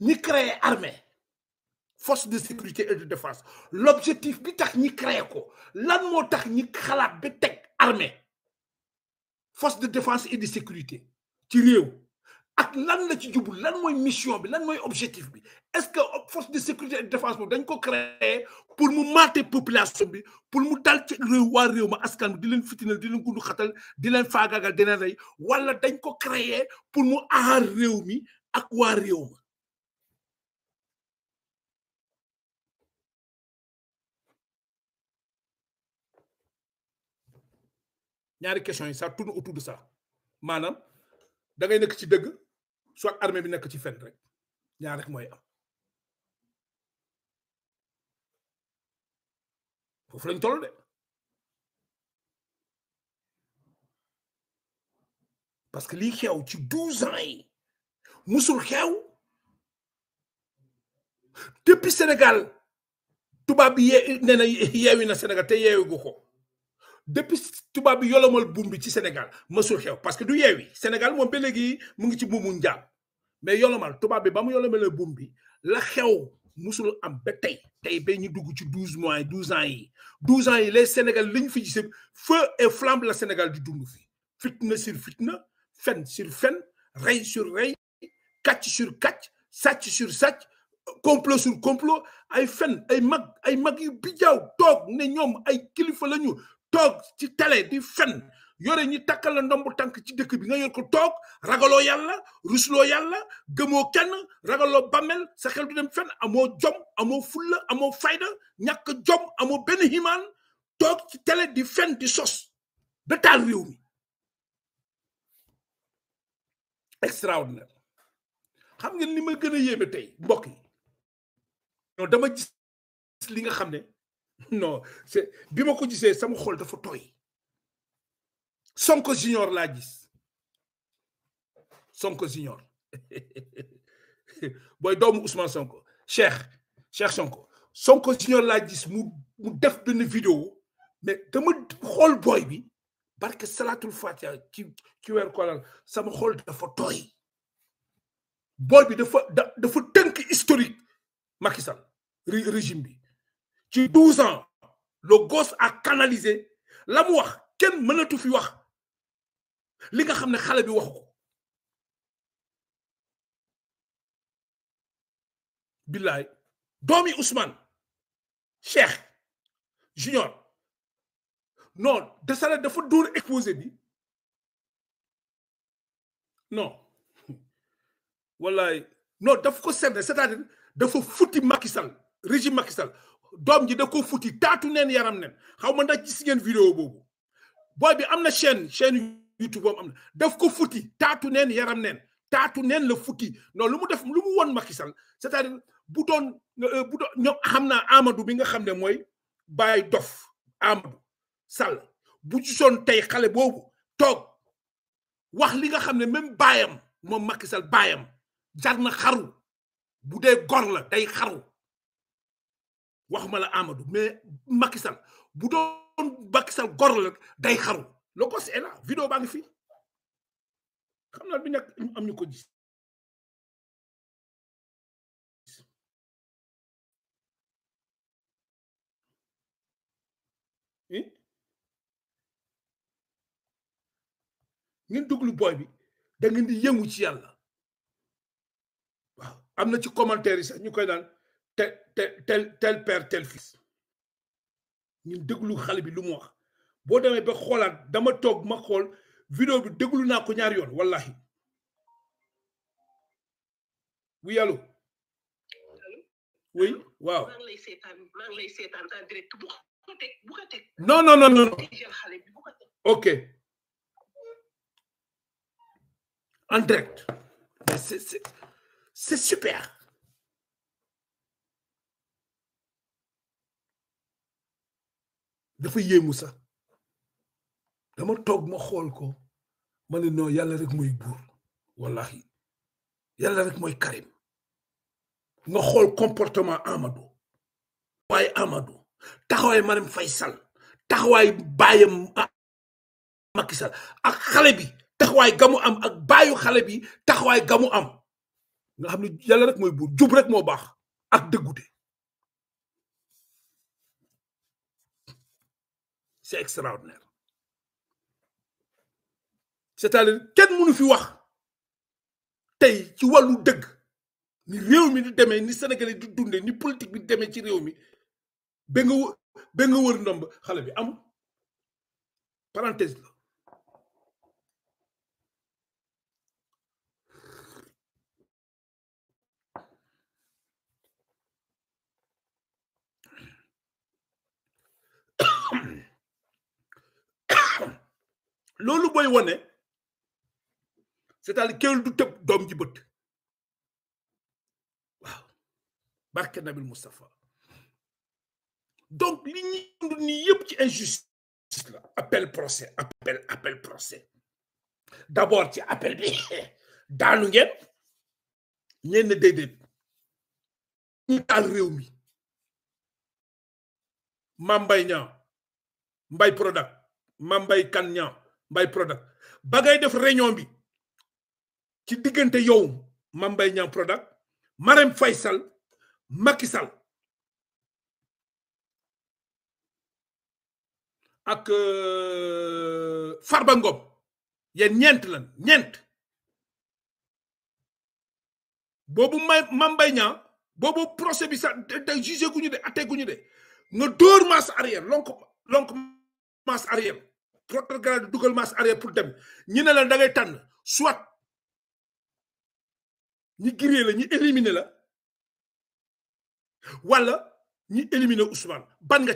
ni créer armée force de sécurité et de défense l'objectif bi tax ni créer ko lan mo tax ni khalat bi tek armée force de défense et de sécurité ci rew ak lan la ci jublu lan moy mission bi lan moy objectif bi est-ce que force de sécurité et de défense boobu dañ ko créer pour mu maate population bi pour mu dal ci rew wa rew ma askan di len fitinal di len gundu khatal di len fagagal di leen rey wala dañ ko créer pour mu aar rew mi ak wa rew ma ñaari question yi ça tourne autour de ça maanaam da ngay nekk ci dëgg soit armée bi nekk ci fen rek ñaar rek mooy am foofu lañ toll de parce que lii xew ci douze ans yi musul xew depuis Sénégal tubaab bi na yeewi Sénégal te yeewi gu ko depuis tubaab bi yolomal le bi ci Sénégal xew parce que du yeewi Sénégal mu ngi ci mais yolomal bi bam yolo la xew musul am 12 mois 12 ans yi 12 ans yi les Sénégal liñ fi feu et la Sénégal du dund fi sur fitna fen sur fen ray sur ray, catch sur catch, satch sur satch complot sur complot ay fen ay mag ay mag yu dog ne ñom ay kilifa lañu toog ci télé di fen yore ñi takkal la ndombu tànk ci dëkk bi nga yor ko toog ragaloo yàlla rusloo yàlla gëmoo kenn ragaloo bammel sa du dem fenn amoo jom amoo fulla amoo fayda ñàkk jom amoo benn himaan toog ci télé di fen di sos da taal réew mi extraordinaire xam nga li ma gën a yéeme tey mbokk dama gis li nga xam ne (laughs) non c'est bi ko me sama xol dafa toy Sonko junior la gis Sonko junior (laughs) boy doomu Ousmane Sonko Cheikh Cheikh Sonko Sonko junior la gis mu def une vidéo mais dama xol boy bi barke salatul fatiha ci ci sama xol dafa toy Boy bi dafa dafa tank historique Macky régime 12 ans le gosse a canalisé l'amour. mu wax tu fi wax li nga ne bi ko Ousmane Cheikh Junior non il faut door exposé bi non Voilà. non daf ko que c'est-à-dire dafa régime Macky doom ji da ko futi taatu neen yaram neen xaw ma ndax gis ngeen vidéo boobu booy bi am na chaîne chaîne YouTube am na daf ko futi taatu neen yaram neen taatu nen la futi non lu mu def lu mu won Macky Sall c'est-à-dire bu doon euh, bu doon ñoom xam naa Amadou bi nga xam ne mooy Baye Dof Amadou sal bu gisoon tey xale boobu toog wax li nga xam ne même baayam moom Macky Sall baayam jar na xaru bu dee gor la day xaru waxuma la Amadou mais Macky Sall bu doon Macky Sall gor la day xaru loo ko si la vidéo ba nga fi xam na bi nek am ñu ko gis ngeen duglu boy bi da ngeen di yëngu ci yàlla waaw am na ci commentaire sax ñu koy tel tel père tel fils nous déglu lu wax vidéo wallahi oui allô oui waaw non non non non ok en direct c'est super dafa yéemu sax dama toog ma xool ko ma ne non yàlla rek mooy buur wallahi yàlla rek mooy Karim nga xool comportement Amadou waaye Amadou taxawaay Marième Faye taxawaay baayam Macky ak xale bi taxawaay gamu am ak baayu xale bi taxawaay gamu am nga xam ne yàlla rek mooy buur jub rek moo baax ak dëggute c'est extraordinaire cest à kenn mënu fi wax tey ci wàllu dëgg ni réew mi di demee ni Sénégalais di dundee ni politique bi demee ci réew mi ba nga wër ndomb xale bi amul parenthèse loolu boy woné c'est-à-dire kéwél du tëb dom ji beut waaw barke Nabil mustafa donc li ñuy dund ni yëpp ci injustice la appel procès appel appel procès d'abord ci appel bi (laughs) daanu ngeen ñen ne déedéet ñu taal réew mi mam Mbaye Niang Mbaye Prodac Mame Mbaye by product ba ngay def réunion bi ci digënté yow Mame Mbaye ñam product marem faisal makissal ak euh, ak Farba Ngom ya ñent lan ñent bobu ma Mame Mbaye bobu procès bi sa da jugé guñu dé atté guñu dé nga dóor mas arrière lonk lonk mas arrière trottal de Google arrière pour la soit ñi géré la la wala ñi éliminer Ousmane ban nga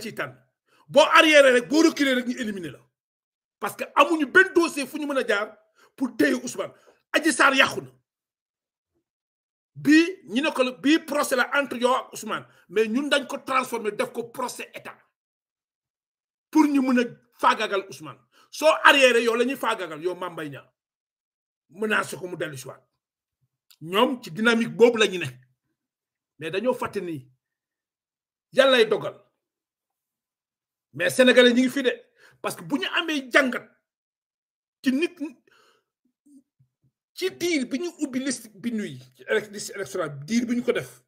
arrière rek reculer rek parce que amuñu ben dossier pour Ousmane à des ne procès la entre Ousmane mais ñun dañ ko transformé def procès état pour ñu Fagagal Ousmane so arrière yo la fagagal yo yow Mame Mbaye Niang menacé ko mu delu ci wat. Ñom ci dynamique bobu la ñu ne mais dañu fàtte ni lay dogal mais sénégalais ñi ngi fi de parce que buñu amé jangat ci nit ci diir biñu ubbi liste bi nuy électorale diir biñu ko def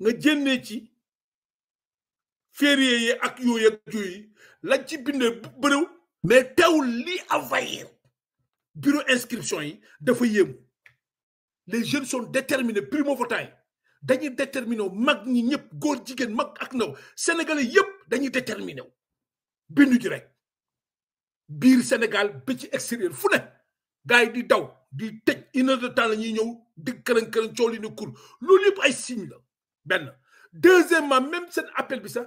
nga jenné ci férié yi ak yoy ak yooyu la ci bindee bëriw mais teewul li envahir bureau inscription yi dafa yéemu les jeunes sont déterminés primo votants yi dañuy déterminé mag ñi ñëpp goor jigen mag ak ndaw sénégalais yëpp dañuy déterminé bindu ji rek biir Sénégal bi ci extérieur fu ne gars di daw di tej une heure de temps la ñuy ñëw di këran këran coow li kur loolu yëpp ay signe la benn deuxièmement même seen appel bi sax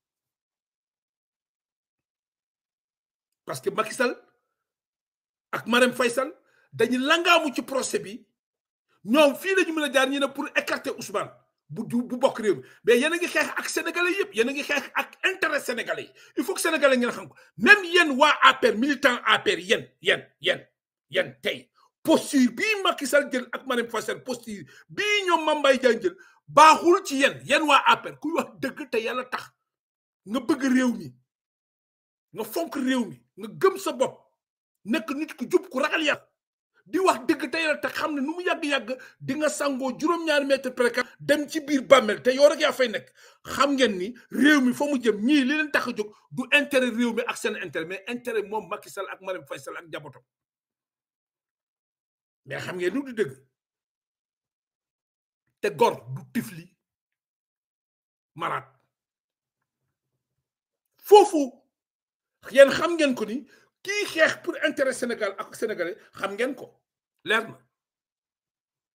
parce que Macky Sall ak Marème Faye Sall dañu langamu ci procès bi ñom fi lañu mëna a jaar ñi na pour écarter Ousmane bu bu bok réew mais yeen a xex ak sénégalais yépp yeen a xex ak intérêt sénégalais il faut que sénégalais ñu xam ko même yeen wa APR militant APR yeen yeen yeen yeen tay posture bi Macky Sall jël ak Marème Faye Sall posture bi ñom Mambay Diagne jël baaxul ci yeen yeen wa APR ku wax deug te yalla tax nga bëgg réew mi nga fonk réew mi nga gëm sa bopp nekk nit ku jub ku ragal yàlla di wax dëgg tey la te xam ne nu mu yàgg-yàgg di nga sangoo juróom-ñaari mètre précaire dem ci biir bàmmeel te yow rek yaa fay nekk xam ngeen ni réew mi fa mu jëm ñii li leen tax a jóg du intérêt réew mi ak seen intérêt mais intérêt moom Macky Sall ak Marème fay Sall ak njabootam mais xam ngeen ni du dëgg te gor du tifli maraat foofu yéen xam ngeen ko ni kii xeex pour intérêt Sénégal ak sénégalais xam ngeen ko leer na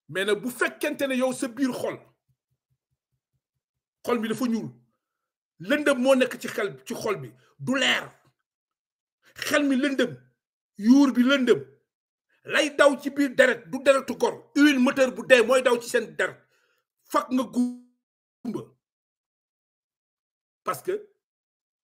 mais nag bu fekkente ne yow sa biir xol xol bi dafa ñuul lëndëm moo nekk ci xel ci xol bi du leer xel mi lëndëm yuur bi lëndëm lay daw ci biir deret du deretu gor huile moteur bu dee mooy daw ci seen deret fak nga gumba parce que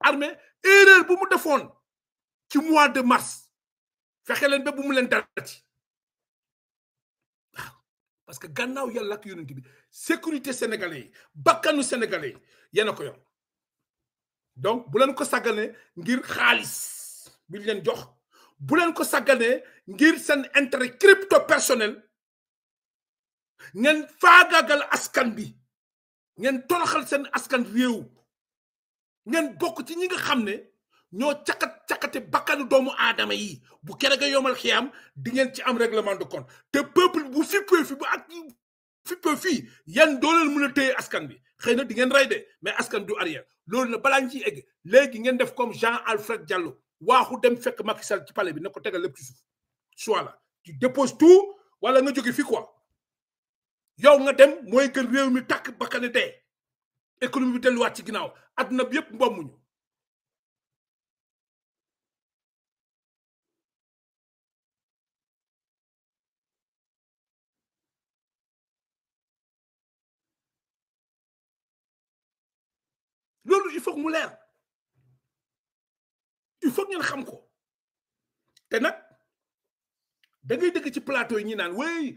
armée erreur bu mu defoon ci mois de mars fexe leen ba bu mu leen dalati parce que gannaaw yalla ak yoonte bi sécurité sénégalais yi bakkanu sénégalais yena ko yor donc bu len ko sagane ngir khalis bi len jox bu len ko sagane ngir sen intérêt crypto personnel ngeen faagaagal askan bi ngeen toroxal sen askan rew ngeen bokk ci ñi nga xam ne ñoo cakat cakate bakkanu doomu aadama yi bu kere ga yomal xiyaam di ngeen ci am règlement de compte te peuple bu fippee fi bu ak fippee fii yan dooleel mën a téye askan bi xëy na di ngeen rey de mais askan du arrière loolu na balaa ñu ciy egg léegi ngeen def comme Jean Alfred Diallo waaxu dem fekk Macky Sall ci pale bi na ko tegal lépp ci suuf soit là tu wala nga jóge fi quoi yow nga dem mooy gën réew mi tàkk bakkane dee Ekonomi biten lwa chikina ou, at nan biyep mbwa moun yo. Lolo, yu fok moulè. Yu fok nyan kham kou. Tè nè? Dè gen yi degi ti plato yi nyan, wey!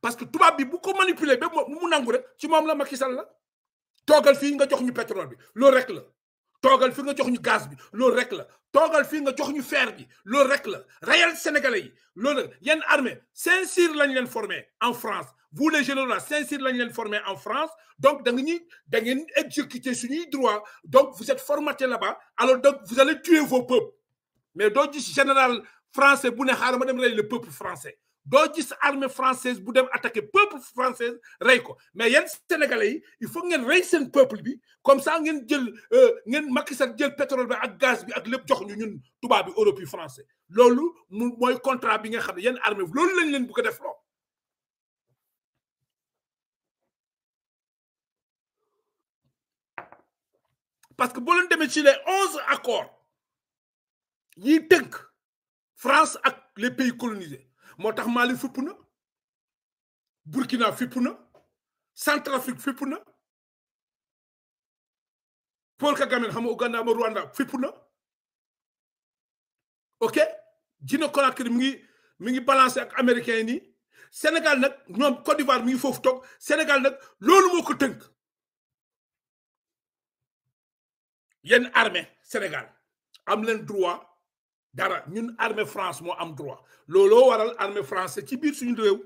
parce que tout bi monde est beaucoup manipulé. mu nangu rek ci moom la Macky Sall la fait fii nga jox ñu pétrole bi loolu rek la toogal fii nga jox ñu gaz bi loolu rek la toogal fii nga jox ñu fer bi loolu rek la rayal sénégalais yi loolu rek yenn armée Saint-Cyr lañ leen formé en France vous les généraux là Saint-Cyr lañ leen formé en France donc da nga ñuy da ngeen exécuter suñuy droit donc vous êtes formaté là-bas alors donc vous allez tuer vos peuples mais donc gis général français bu ne ma dem le peuple français doo gis armée française bu dem attaquer peuple français ray ko mais yéen sénégalais yi il faut ngeen ray sen peuple bi comme ça ngeen jël euh, ngeen Macky Sall jël pétrole bi ak gaz bi ak lepp jox ñu ñun tuba bi Europe yi français lolu moy contrat bi nga xam ne armée lolu lañ leen bu ko def lo parce que bo leen demee ci les 11 accords yi teunk France ak les pays colonisés moo tax Mali fipp na Burkina fipp na Centrafrique fipp na Paul Kagame xam nga Ouganda ma Rwanda ok Guinée Conakry mi ngi mi ngi balancé ak américain ni nii Sénégal nag ñoom Côte d'Ivoire mi ngi foofu Sénégal nag loolu moo ko tënk yenn armée Sénégal am leen droit dara ñun armée France mo am droit L'olo waral armée français ci biir suñu réew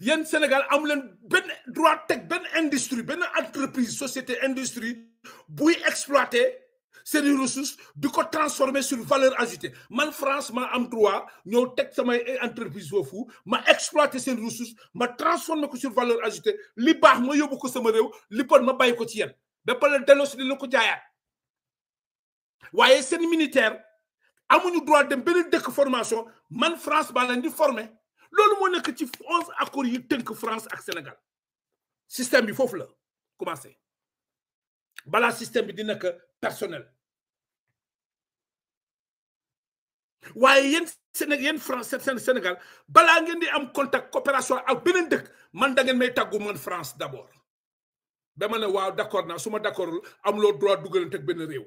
yeen Sénégal am leen droit tek ben industrie ben entreprise société industrie buy exploiter ces ressources du transformer sur valeur ajoutée man France ma am droit Nous tek sama entreprise ma exploiter ses ressources ma transformer sur valeur ajoutée li baax ma sama réew li bon ma bay ko ci yeen ba Nous ko waaye seen militaire amuñu droit dem beneen dëkk formation man France bala leen di loolu moo nekk ci onze accords yi tënk France ak Sénégal système bi foofu la commencé balaa système bi di nekk personnel waaye yéen Sénégal yéen France seen Sénégal balaa ngeen di am contact coopération ak beneen dëkk man da ngeen may tàggu man France d'abord ba ma ne waaw d'accord na su ma d'accordul am loo droit dugalante ak benn réew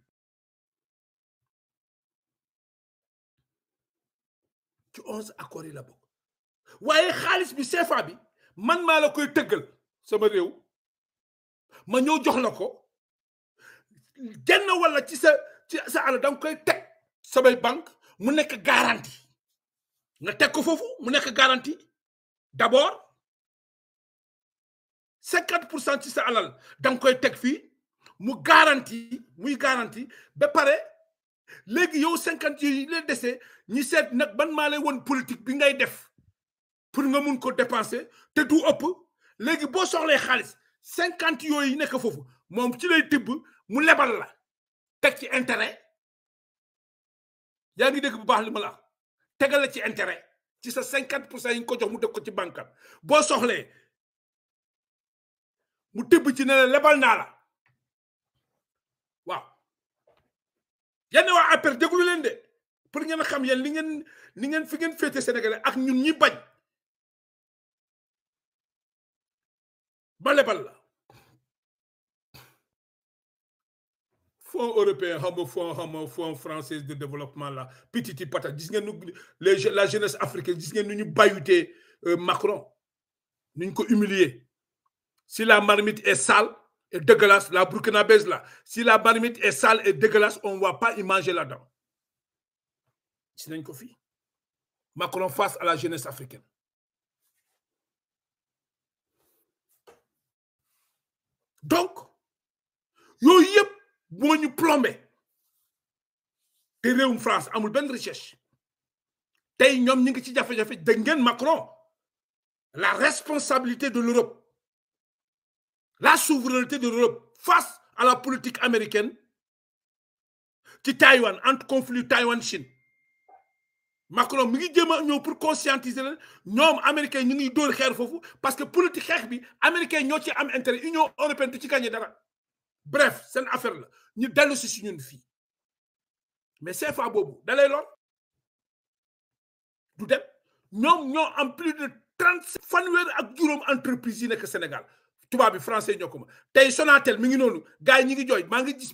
Tu oses accorder la banque? Waye bi bi man koy teugal sama rew ma jox ko wala ci sa sa tek, dang banque mu garantie nga tek ko garantie d'abord 50% pour cent ci sa alal koy garantie garantie ba pare légui yow 50% yi le ñu seet nag ban maa lay woon politique bi ngay def pour nga mun ko dépenser te du ëpp léegi boo soxlee xaalis cinquante yooyu nekk foofu moom ci lay tibb mu lebal la teg ci intérêt yaa ngi dégg bu baax li ma la tegal la ci intérêt ci sa cinquante pour cent yi ko jox mu def ko ci banque boo soxlee mu tibb ci ne la lebal naa la waaw yenn waa appel déglu leen de pour que xam yeen li ngeen li ngeen fi ngeen fété sénégalais ak ñun ñi bañ C'est bal la fonds européen xam fonds xam fonds français de développement la petit pata gis ngeen la jeunesse africaine gis ngeen nu ñu euh, Macron Nous ñu ko humilier si la marmite est sale et dégueulasse la burkinabèse là si la marmite est sale et dégueulasse on ne va pas y manger là-dedans Macron face à la jeunesse africaine donc yooyu yëpp moo ñu plombé te France amul benn recherche T'es un homme ci fait jafe Macron la responsabilité de l'Europe la souveraineté de l'Europe face à la politique américaine ci Taïwan entre conflit Taïwan Chine Macron mi ngi pour conscientiser leen ñoom américain ñu ngi dóor xeer parce que politique xeex bi américain ñoo ci am intérêt union européenne du ci gagné dara bref une affaire la ñu dellu si si ñun fii mais c'est boobu da lay lor du dem ñoom ñoo am plus de trente fanweer ak juróom entreprise yi nekk Sénégal tubaab bi français ñoo ko ma tey Sonatel mi ngi noonu gars yi ñu ngi jooy maa gis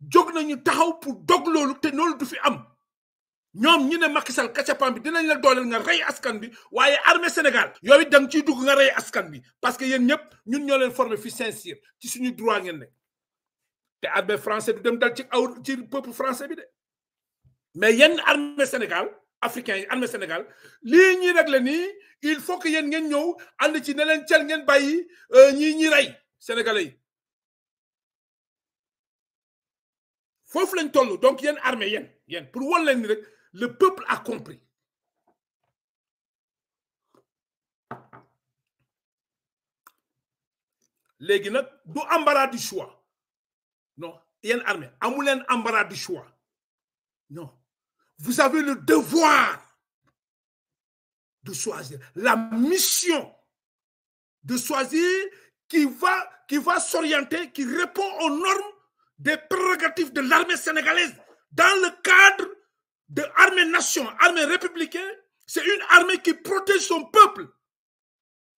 jog nañu taxaw pour dog loolu te loolu du fi am ñoom ñu ne Macky Sall bi dinañ la dooleel nga rey askan bi waaye armée Sénégal yow it da nga ciy dugg nga rey askan bi parce que yéen ñëpp ñun ñoo leen formé fi Saint-Cyr ci suñu droit ngeen ne te armée français du dem dal ci aw ci peuple français bi de mais yenn armée Sénégal africain yi armée Sénégal lii ñuy réglé nii il faut que yéen ngeen ñëw ànd ci ne leen cel ngeen bàyyi euh, ñii ñi rey sénégalais yi donc il y donc une armée pour wan le peuple a compris Les nag du embarras du choix non une armée amu un embarras du choix non vous avez le devoir de choisir la mission de choisir qui va qui va s'orienter qui répond aux normes des prérogatives de l'armée sénégalaise dans le cadre de l'armée-nation, armée républicaine. C'est une armée qui protège son peuple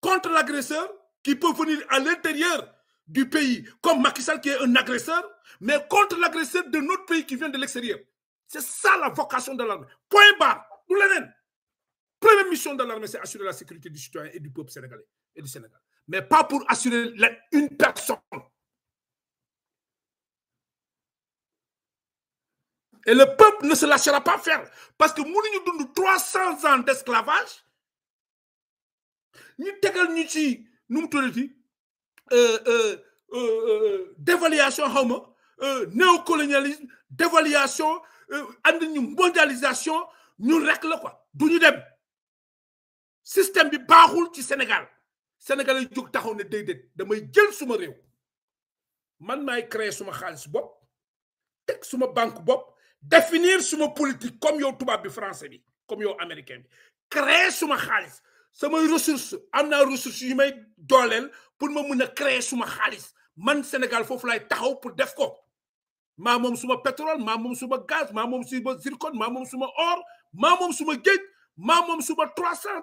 contre l'agresseur qui peut venir à l'intérieur du pays, comme Macky Sall qui est un agresseur, mais contre l'agresseur de notre pays qui vient de l'extérieur. C'est ça la vocation de l'armée. Point barre. Nous l'avons. Première mission de l'armée, c'est assurer la sécurité du citoyen et du peuple sénégalais et du Sénégal. Mais pas pour assurer une personne. Et le peuple ne se lâchera pas faire. Parce que nous avons 300 ans d'esclavage ñu nous ñu euh, euh, euh, dévaluation homo, néocolonialisme dévaluation mondialisation nous rek quoi du système de Sénégal Sénégal nous ne damay jël suma man sur ma suma bob. nous sur ma banque définir suma politique comme yo tubaab bi français bi comme yo américain bi créer suma xaalis samay ressource amna ressource yu may dooleel pour me mun créer créer suma xaalis man Sénégal fofu lay taxaw pour def ko maa moom suma pétrole maa moom suma gaz ma moom suma zircon maa moom suma or ma mom suma géej maa ma suma trois cent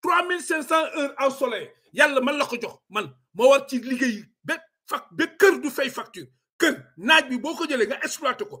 trois mille heures au soleil yalla man la ko jox man mo war ci liggéey be fak be keur du fay facture kër naaj bi boko ko nga exploiter ko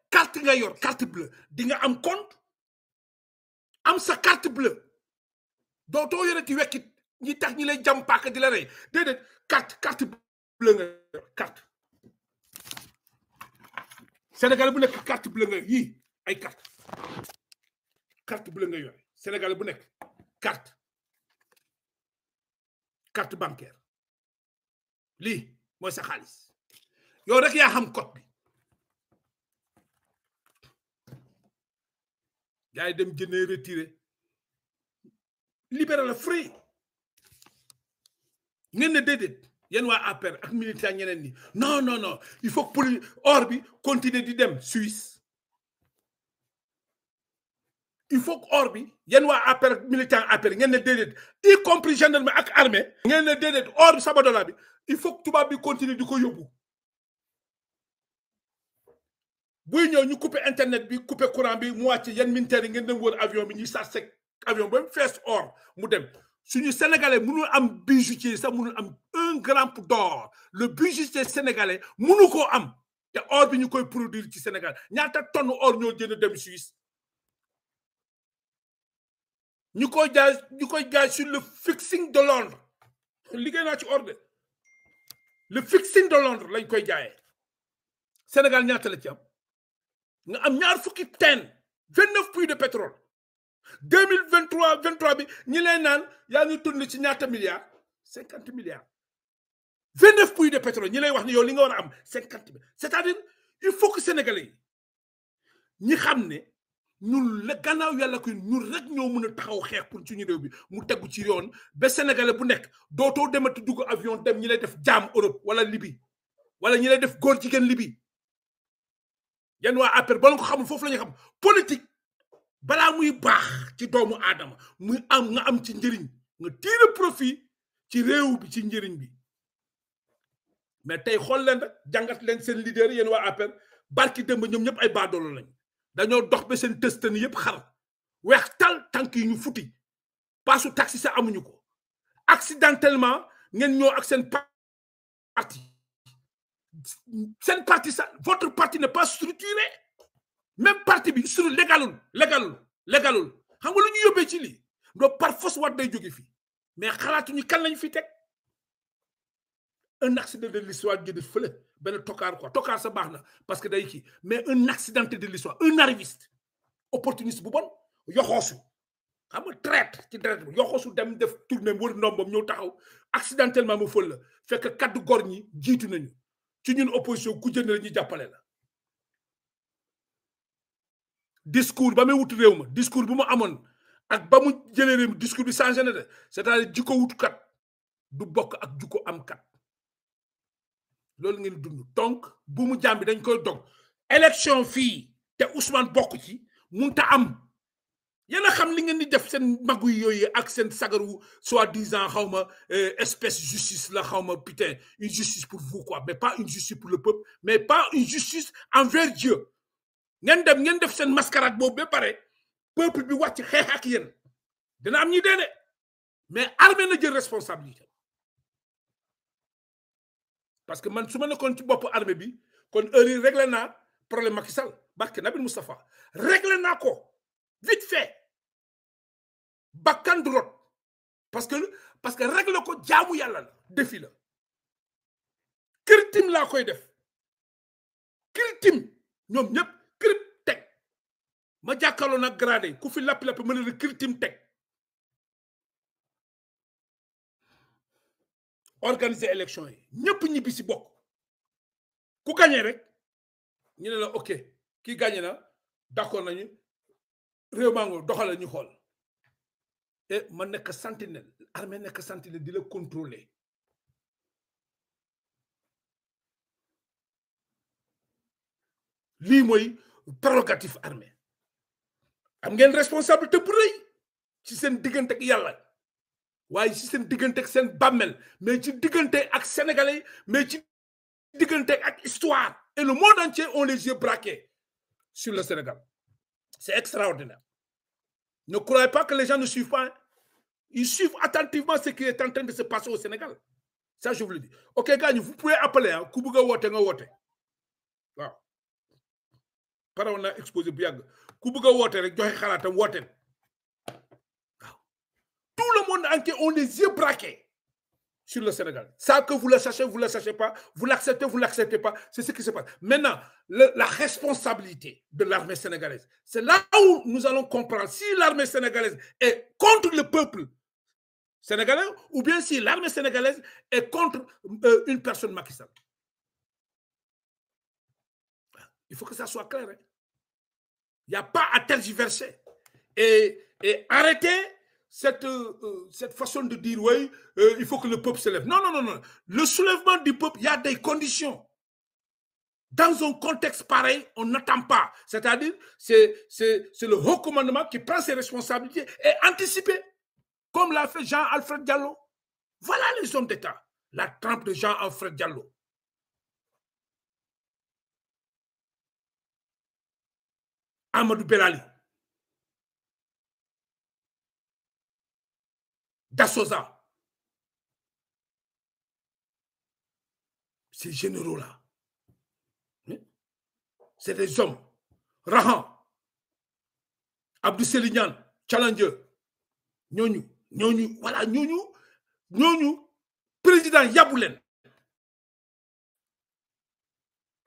carte nga yor carte bleue di nga am compte am sa carte bleue doto yore ci wekit ñi tax ñi lay jam pak di la ray dedet carte carte bleue nga carte sénégal bu nek carte bleue nga yi ay carte carte bleue nga yor sénégal bu nek carte carte bancaire li moy sa xaliss yow rek ya xam code bi gars dem jëndee retiré libéral free ngeen ne déedéet yéen waa APR ak militaire ñenen ni non non non il faut que pour or bi continuer di dem Suisse il faut que or bi yéen waa APR ak militaire appel ngeen ne y compris gendarme ak armée ngeen né déedéet or bi la bi il faut que tubaab bi continuer di ko yóbbu. buy nous ñu couper internet coupé le courant nous mu un avion, ngeen fait un avion avion or sénégalais bijoutier nous un grand d'or le bijoutier sénégalais mënu Il am a or bi ñu produire ci Sénégal ñaata tonne or ñoo dem Suisse ñu jaay sur le fixing de Londres ce qui ci or le fixing de Londres lañ koy un Sénégal ñaata la nga am ñaar fukki teen vingt neuf puits de pétrole deux mille vingt trois vingt trois bi ñi leen naan yaa ngi tourné ci ñaata milliards cinquante milliards vingt neuf puits de pétrole ñi lay wax ni yow li nga war a am cinquante milliards c'est-à-dire il faut que sénégalais ñi xam ne ñu la gannaaw yàlla ko ñun rek ñoo a taxaw xeex pour suñu réew bi mu tegu ci yoon ba bu nekk dootoo demati dugg avion dem ñi lay def jaam Europe wala Libye wala ñi lay def góor jigéen Libye yan waa APR bala ko xamul fofu lañu xam politique bala muy bax ci doomu aadama muy am nga am ci ndirign nga tire profit ci rew bi ci ndirign bi mais tay xol leen rek jàngat leen sen leader yéen wa APR barki démb ñom ñep ay baadoolo lañ dañu dox be sen testene yep xar wex tal tanki ñu futi passu taxi sa amuñu ko accidentellement ngeen ñoo ak sen parti Cette partie, votre parti n'est pas structuré même parti bi sur légalul légalul légalul xam nga lu ñu yóbbee ci lii donc par force war day jóge fii mais xalaatuñu kan lañu fi un accident de l'histoire jóge fële ben tokaar quoi tokaar sa baax parce que day mais un accident de l'histoire un arriviste opportuniste bu bon yoxoosu xam nga traite ci traite bi yoxoosu dem def tournée wër ndombam ñëw accidentellement me folle fait que quatre gorni, dit une nañu ci ñun opposition ku jënd la ñuy jàppale la discours ba muy wut réew ma discours bu mu amoon ak ba mu jëlee réew mi discours bi changé na de c'est-à-dire jikko wut du bokk ak jikko am kat loolu ngeen dund donc bu mu jàmbi dañ koy dog élection fii te Ousmane bokk ci munta am yéen a xam li ngeen di def seen magu yooyu ak seen sagaru soit disant xaw ma euh, espèce justice la xaw ma putain une justice pour vous quoi mais pas une justice pour le peuple mais pas une justice envers Dieu ngeen dem ngeen def seen mascarade boobu ba pare peuple bi wàcc xeex ak yéen dina am ñuy dee mais armée na jël responsabilité parce que man su ma nekkoon ci bopp armée bi kon heure yi réglé naa problème Macky Sall Barké Nabil Moustapha réglé naa ko vite fait bakkan parce que parce que règle ko yalla la defi la kirtim la koy def kirtim ñom ñep ma gradé ku fi la kirtim organiser élection yi sommes ñibbi ku gagné rek la ok gagné na d'accord nañu et ma nekk sentinelle armée nekk sentinelle di le contrôler lii armé. Il armée am une responsabilité pour rëy ci sen diggante ak yàlla waaye ci sen diggante ak un bàmmel mais ci diggante ak sénégalais mais ci a ak histoire et le monde entier a les yeux braqués sur le Sénégal c'est extraordinaire ne croyez pas que les gens ne suivent pas hein. Ils suivent attentivement ce qui est en train de se passer au Sénégal. Ça, je vous le dis. OK, gagne, vous pouvez appeler. Hein, Kubuga Wote, nga Wote. Wow. Pardon, on a exposé Biag. Kubuga Tout le monde en on les yeux braqués sur le Sénégal. Ça, que vous le sachez, vous ne le sachez pas, vous l'acceptez, vous ne l'acceptez pas, c'est ce qui se passe. Maintenant, la responsabilité de l'armée sénégalaise, c'est là où nous allons comprendre si l'armée sénégalaise est contre le peuple sénégalais ou bien si l'armée sénégalaise est contre euh, une personne Macky Il faut que ça soit clair. Hein. Il n'y a pas à tergiverser. Et, et arrêter cette, euh, cette façon de dire, oui, euh, il faut que le peuple se lève. Non, non, non, non. Le soulèvement du peuple, il y a des conditions. Dans un contexte pareil, on n'attend pas. C'est-à-dire, c'est le haut commandement qui prend ses responsabilités et anticiper comme l'a fait Jean-Alfred Diallo. Voilà les hommes d'État, la trempe de Jean-Alfred Diallo. Amadou Belali, Dassosa, ces généraux-là, hmm? c'est des hommes. Rahan, Abdou Selignan, Challenger, Nyonyou voilà nous, nous, président Yaboulen.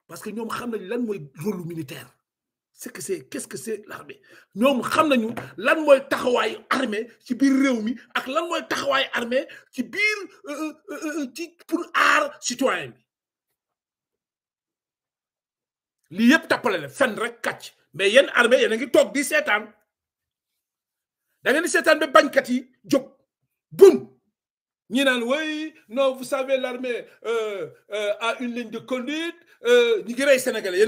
parce que nous savons que lan le rôle militaire ce que c'est qu'est-ce que c'est l'armée Nous savons nous, lan mooy armée ci biir réew mi ak armée euh, euh, euh, pour art citoyen bi lii yëpp la fen rek a mais armée qui a ngi 17 ans da ngeen seetaan de banque yi boum non vous savez l'armée euh, euh, a une ligne de conduite euh, ñi ngi sénégalais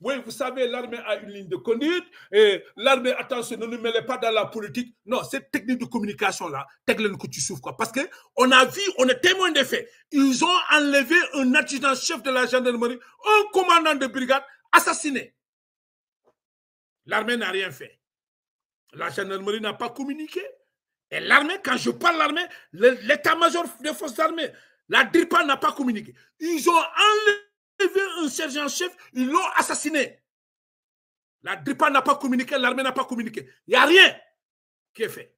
oui vous savez l'armée a une ligne de conduite et l'armée attention ne nous mêlez pas dans la politique non cette technique de communication là technique que tu ci quoi parce que on a vu on est témoin des faits ils ont enlevé un adjudant chef de la gendarmerie un commandant de brigade assassiné l'armée n'a rien fait la gendarmerie n'a pas communiqué. Et l'armée, quand je parle l'armée, l'état-major des forces armées, la Dripa n'a pas communiqué. Ils ont enlevé un sergent-chef, ils l'ont assassiné. La Dripa n'a pas communiqué, l'armée n'a pas communiqué. Il n'y a rien qui est fait.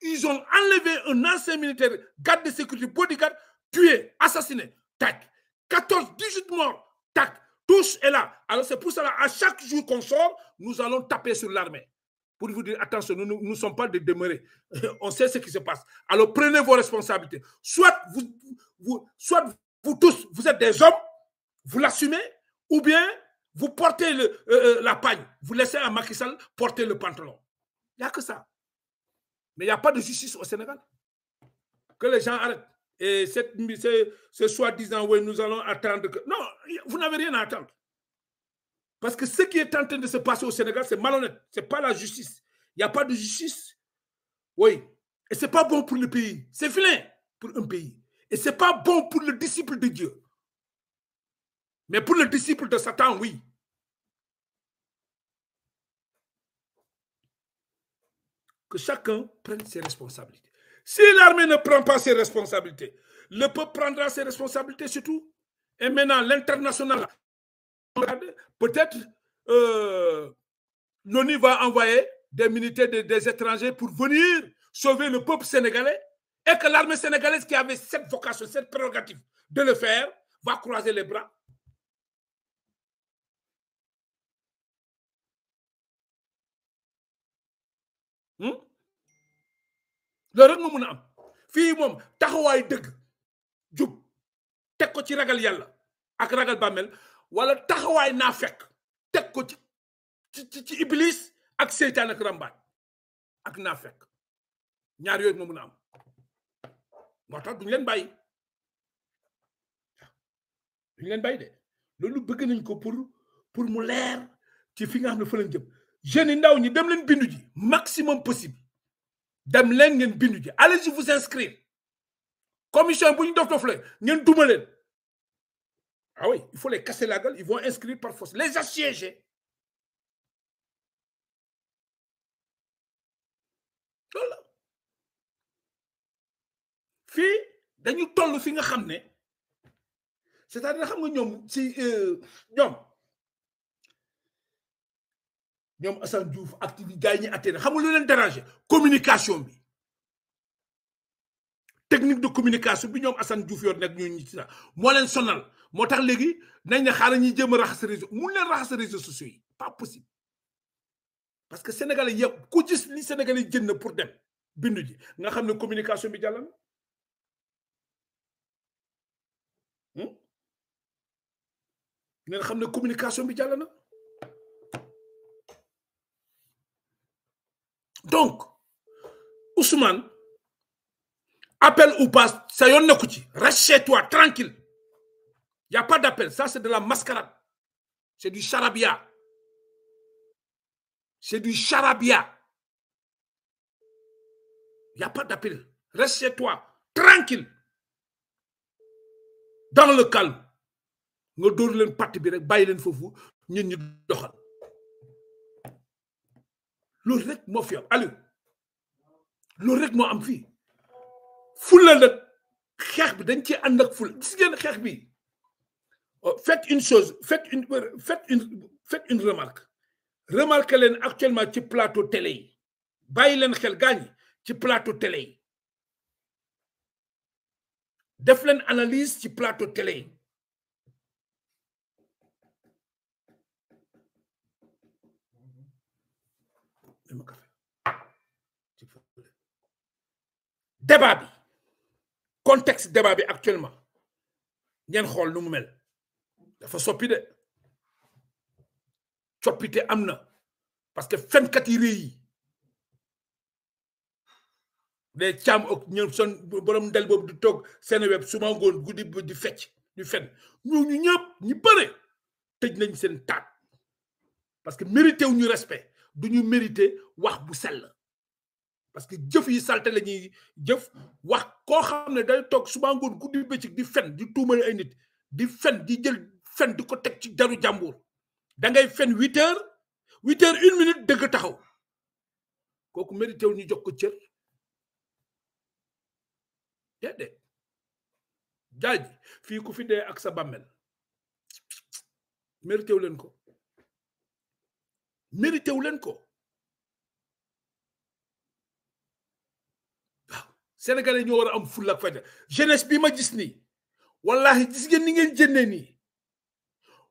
Ils ont enlevé un ancien militaire, garde de sécurité, bodyguard, tué, assassiné. Tac. 14, 18 morts. Tac. Tous est là. Alors c'est pour cela, à chaque jour qu'on sort, nous allons taper sur l'armée pour vous dire, attention, nous ne sommes pas des demeurés. (laughs) On sait ce qui se passe. Alors prenez vos responsabilités. Soit vous, soit vous tous, vous êtes des hommes, vous l'assumez, ou bien vous portez euh, euh, la paille, vous laissez à Macky porter le pantalon. Il n'y a que ça. Mais il n'y a pas de justice au Sénégal. Que les gens arrêtent. Et cette, ce, ce disant oui, nous allons attendre Non, vous n'avez rien à attendre. Parce que ce qui est en train de se passer au Sénégal, c'est malhonnête. Ce n'est pas la justice. Il n'y a pas de justice. Oui. Et ce n'est pas bon pour le pays. C'est vilain pour un pays. Et ce n'est pas bon pour le disciple de Dieu. Mais pour le disciple de Satan, oui. Que chacun prenne ses responsabilités. Si l'armée ne prend pas ses responsabilités, le peuple prendra ses responsabilités surtout. Et maintenant, l'international, Peut-être euh, l'ONU va envoyer des militaires, des, étrangers pour venir sauver le peuple sénégalais et que l'armée sénégalaise qui avait cette vocation, cette prérogative de le faire, va croiser les bras. Hmm? wala taxaway naa fekk ko ci ci n'y iblis ak de ak rambat ak na ñaar a am Je ne suis pas de ne bëgg nañ ko pour pour mu ci fi nga jëm ndaw maximum possible dem leen ngeen bindu allez-y vous inscrire commission buñ le dof N'y ngeen ah oui, il faut les casser la gueule, ils vont inscrire par force, les assiéger. Voilà. dañu tollu fi nga c'est-à-dire xam nga sommes si euh, ñom ñom Assane Diouf communication technique de communication bi ñom Assane Diouf yor motax legui léegi nañ ne xaaral ñuy jéem a raxas réseau mun leen raxas réseaux sociaux yi pas possible parce que sénégalais yëpp ku gis li sénégalais jën na pour dem bindu ji nga xam ne communication bi jàllal na hmm? ngeen xam ne communication bi jàll na donc Ousmane appel ou pas sa yoon ci reste toi tranquille il n'y a pas d'appel. Ça, c'est de la mascarade. C'est du charabia. C'est du charabia. Il n'y a pas d'appel. Reste chez toi, tranquille. Dans le calme. Nous donnons le parti, baillez-le fofu, nous nous doxal Loolu rek moo fi am Aliou loolu rek moo am fii fulla nag xeex bi dañ ci ànd ak fulla gis ngeen xeex bi Euh, faites une chose faites une euh, faites une une remarque remarque actuellement ci plateau télé yi bàyyi leen xel gaañ ci plateau télé yi def leen analyse ci plateau télé yi débat bi contexte débat bi actuellement ngeen xool nu mu mel dafa soppi de coppite am na parce que fenkat yi réew yi les caam ak ñoom son borom ndel boobu di toog seen web suma ngoon guddi di fecc di fen ñooñu ñëpp ñu bëre tëj nañ seen taat parce que mérité wu ñu respect du ñu mérité wax bu sell parce que jëf yi salte la ñuy jëf wax koo xam ne day toog suma ngoon guddi bëccëg di fen di tuumal ay nit di fen di jël fen diko tek ci daru jambour da ngay fen 8h 8h 1 minute deug taxaw koku mérité wu ñu jox ko cër déedéet jaj fi ku fi dee ak sa bammel mérité wu len ko mérité wu len ko sénégalais ñu wara am fulla ak fayda jeunesse bi ma gis ni wallahi gis ngeen ni ngeen jenné ni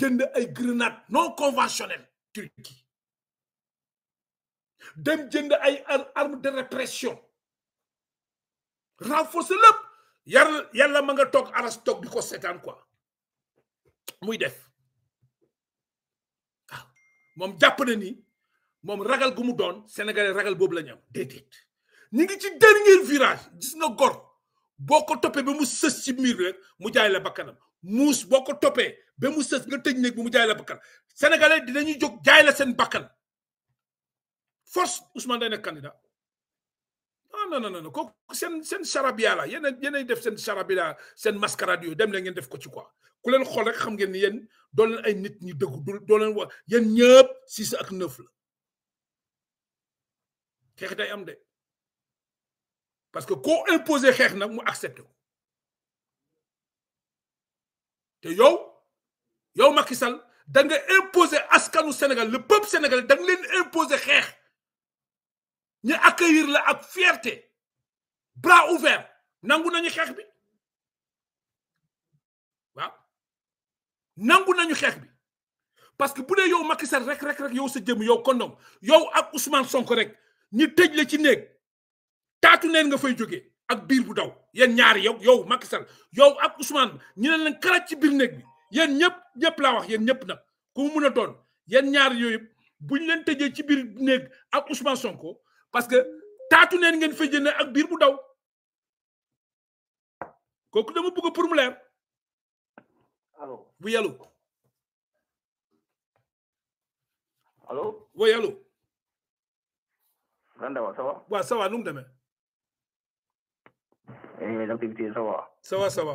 jënd ay grenade non conventionnelle Turquie dem jënd ay arme de répression renforcer lépp yar yàlla ma nga toog aras toog di ko seetaan quoi muy def waaw moom jàpp na ni moom ragal gu mu doon sénégalais ragal boobu la ñu am déedéet ñu ngi ci dernier virage gis nga gor boo ko toppee ba mu sës ci miir rek mu jaay la bakkanam muus boo ko toppee ba nga tëj néeg bi mu jaay la bakkan sénégalais dinañu jóg jaay la bakkan force Ousmane day candidat Non, non non non charabia la charabia dem ngeen def ko ci quoi ku rek xam ngeen ni ay nit ak la parce que quand imposé xex nak mu accepter yow Macky Sall da nga imposer askanu Sénégal le peuple sénégalais da nga leen imposer xeex ñu accueillir la ak fierté bras ouvert nangu nañu xeex bi nangu nañu xeex bi parce que bu dee yow Macky Sall rek rek yow sa jëm yow kondom yow ak Ousmane Sonko rek ñi tëj la ci néeg taatu neen nga fay jóge ak biir bu daw yéen ñaari yow yow Macky Sall yow ak Ousmane ñu ne leen kalaat ci biir néeg bi yéen ñëpp. ñepp la wax yeen ñepp nak ku mu mun a doon yéen ñaar yooyu buñ leen tëjee ci bir neeg ak Ousmane Sonko parce que taatu neen ngeen fëjee ak bir bu daw kooku dama bëgg pour mu leer allo bu yàllu allo wo wa sawa wa sawa num mu eh lam sawa sawa sawa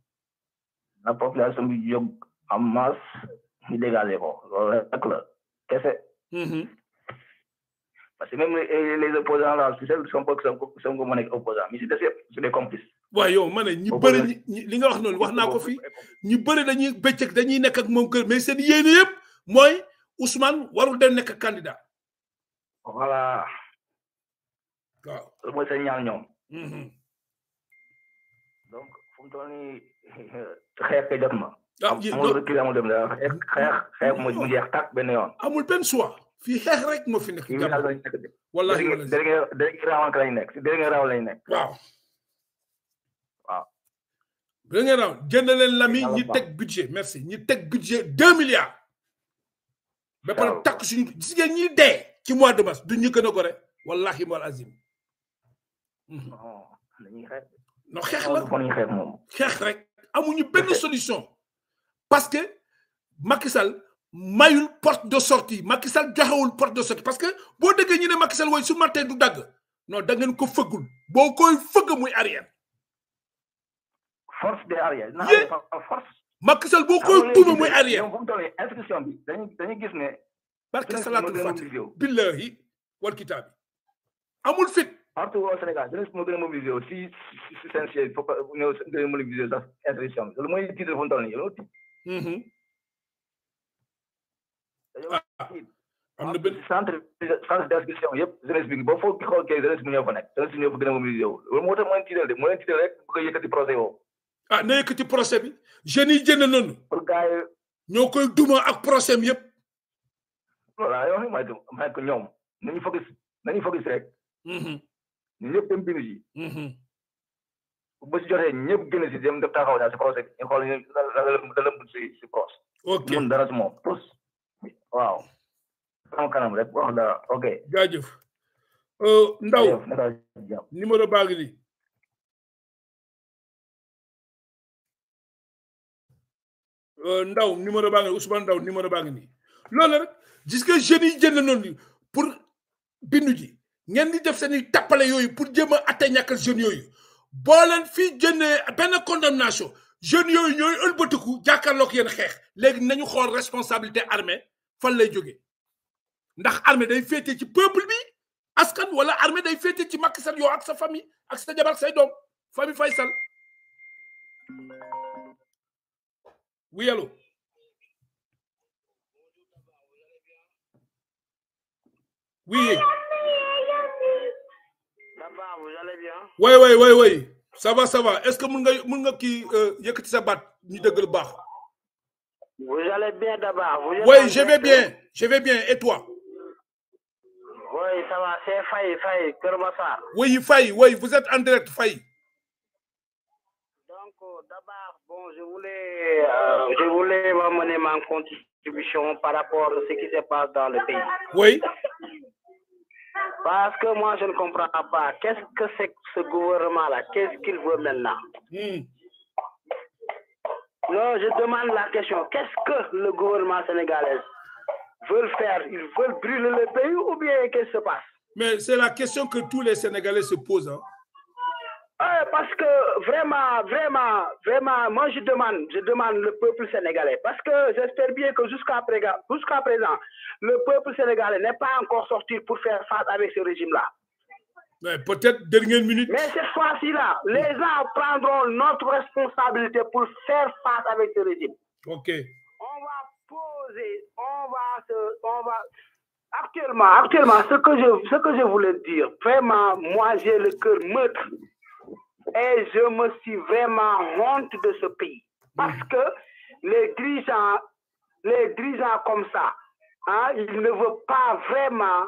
na population bi jóg en masse ñu dégager ko loolu rek la kese. Mm-hmm. parce que même les opposants là su seen Sonko Sonko moo nekk opposant mais si des yëpp su des complices. waaw yow ma ne ñu bëri li nga wax noonu wax naa ko fii ñu bëri dañuy bëccëg dañuy nekk ak moom kër mais seen yéene yëpp mooy Ousmane warul dem nekk candidat. voilà. waaw loolu mooy seen ñaan ñoom. Mm-hmm. donc fu xeex ka jot ma. ah ji amul recul amul dem xeex benn yoon. amul benn choix. fii xeex rek moo fi nekk. wallaahi wallaahi dernier dernier round lañ nekk si dernier round lañ nekk. waaw. waaw. dernier leen lami ñi teg budget merci ñi teg budget deux milliards. ba pare takk suñu ñi dee. ci mois de mars du ñu gën a gore wallaahi wal azim. non xeex la xeex rek. amuñu de solution parce que Macky Sall mayul porte de sortie Macky Sall une porte de sortie parce que bo déggee ñu ne Macky Sall way su matin du dag non da ngeen ko feugul koy arrière. force arrière. Macky arrière. partout au Sénégal jeunesse moo gën a mobiliser wu si si si seen siège foofu ñëw gën a mobiliser sax instruction bi loolu mooy titre fu mu toll nii loolu tiit. am na benn centre centre d'inscription yëpp jeunesse bi boo foog xool kay jeunesse bi ñoo fa nekk jeunesse bi ñoo fa gën a mobiliser wu loolu moo tax moo leen tiital de moo leen tiital rek bu ko yëkkati procès woo. ah na yëkkati procès bi jeunes yi jënd nañu. pour gars yi ñoo koy duma ak procès am yëpp. voilà yow mooy que ñoom nañu focus nañu focus rek. Mhm. ñëpp dem bindu ji. Mm-hmm. bu si jotee ñëpp génn si dem def taxaw daal si procès bi ñu xool ñu da lëmb si si procès. ok mun dara si moom waaw. sama kanam rek wax dara ok. Euh, numéro baa ngi nii. Euh, Ndaw numéro baa ngi rek gis nga jeunes yi jënd noonu pour ngeen di def seen i tappale yooyu pour jéem a atte ñàkkal jeunes yooyu boo leen fii jëndee benn condamnation jeunes yooyu ñooy ëlbatiku jàkkaarloog yéen xeex léegi nañu xool responsabilité armée fan lay jógee ndax armée day féete ci peuple bi askan wala armée day féete ci Macky Sall yow ak sa famille ak sa jabar ak say doom famille Faisal. Sall oui allo oui vous allez bien? Oui, oui, oui, oui. Ça va, ça va. Est-ce que mun nga y nga euh, sa ni de Vous allez bien d'abord. Oui, je vais bien. Je vais bien. Et toi? Oui, ça va. C'est Faye, Faye, Kër Oui, Faye, oui, vous êtes en direct, Faye. Donc, euh, d'abord, bon, je voulais, euh, je voulais amener ma contribution par rapport à ce qui se passe dans le pays. Oui. Parce que moi, je ne comprends pas. Qu'est-ce que c'est que ce gouvernement-là Qu'est-ce qu'il veut maintenant hmm. Non, je demande la question. Qu'est-ce que le gouvernement sénégalais veut faire Ils veulent brûler le pays ou bien qu'est-ce qui se passe Mais c'est la question que tous les Sénégalais se posent. Hein. Ah, parce que vraiment, vraiment, vraiment, moi je demande, je demande le peuple sénégalais, parce que j'espère bien que jusqu'à présent, présent, le peuple sénégalais n'est pas encore sorti pour faire face avec ce régime-là. Mais Peut-être dernière minute. Mais cette fois-ci-là, les gens prendront notre responsabilité pour faire face avec ce régime. Ok. On va poser, on va on va. Actuellement, actuellement, ce que je, ce que je voulais dire, vraiment, moi j'ai le cœur meurtre. Et je me suis vraiment honte de ce pays. Parce que les dirigeants, les dirigeants comme ça, hein, ils ne veulent pas vraiment,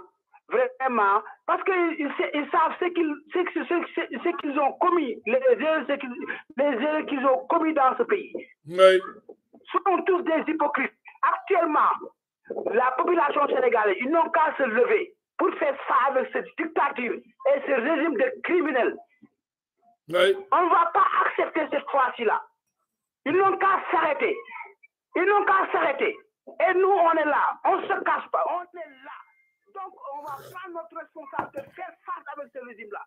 vraiment, parce qu'ils savent ce qu'ils qu'ils ont commis, les erreurs qu'ils ont commis dans ce pays. Ce sont tous des hypocrites. Actuellement, la population sénégalaise, ils n'ont qu'à se lever pour faire ça avec cette dictature et ce régime de criminels on ne va pas accepter cette fois-ci-là. Ils n'ont qu'à s'arrêter. Ils n'ont qu'à s'arrêter. Et nous, on est là. On ne se cache pas. On est là. Donc, on va prendre notre responsabilité de faire face avec ce régime-là.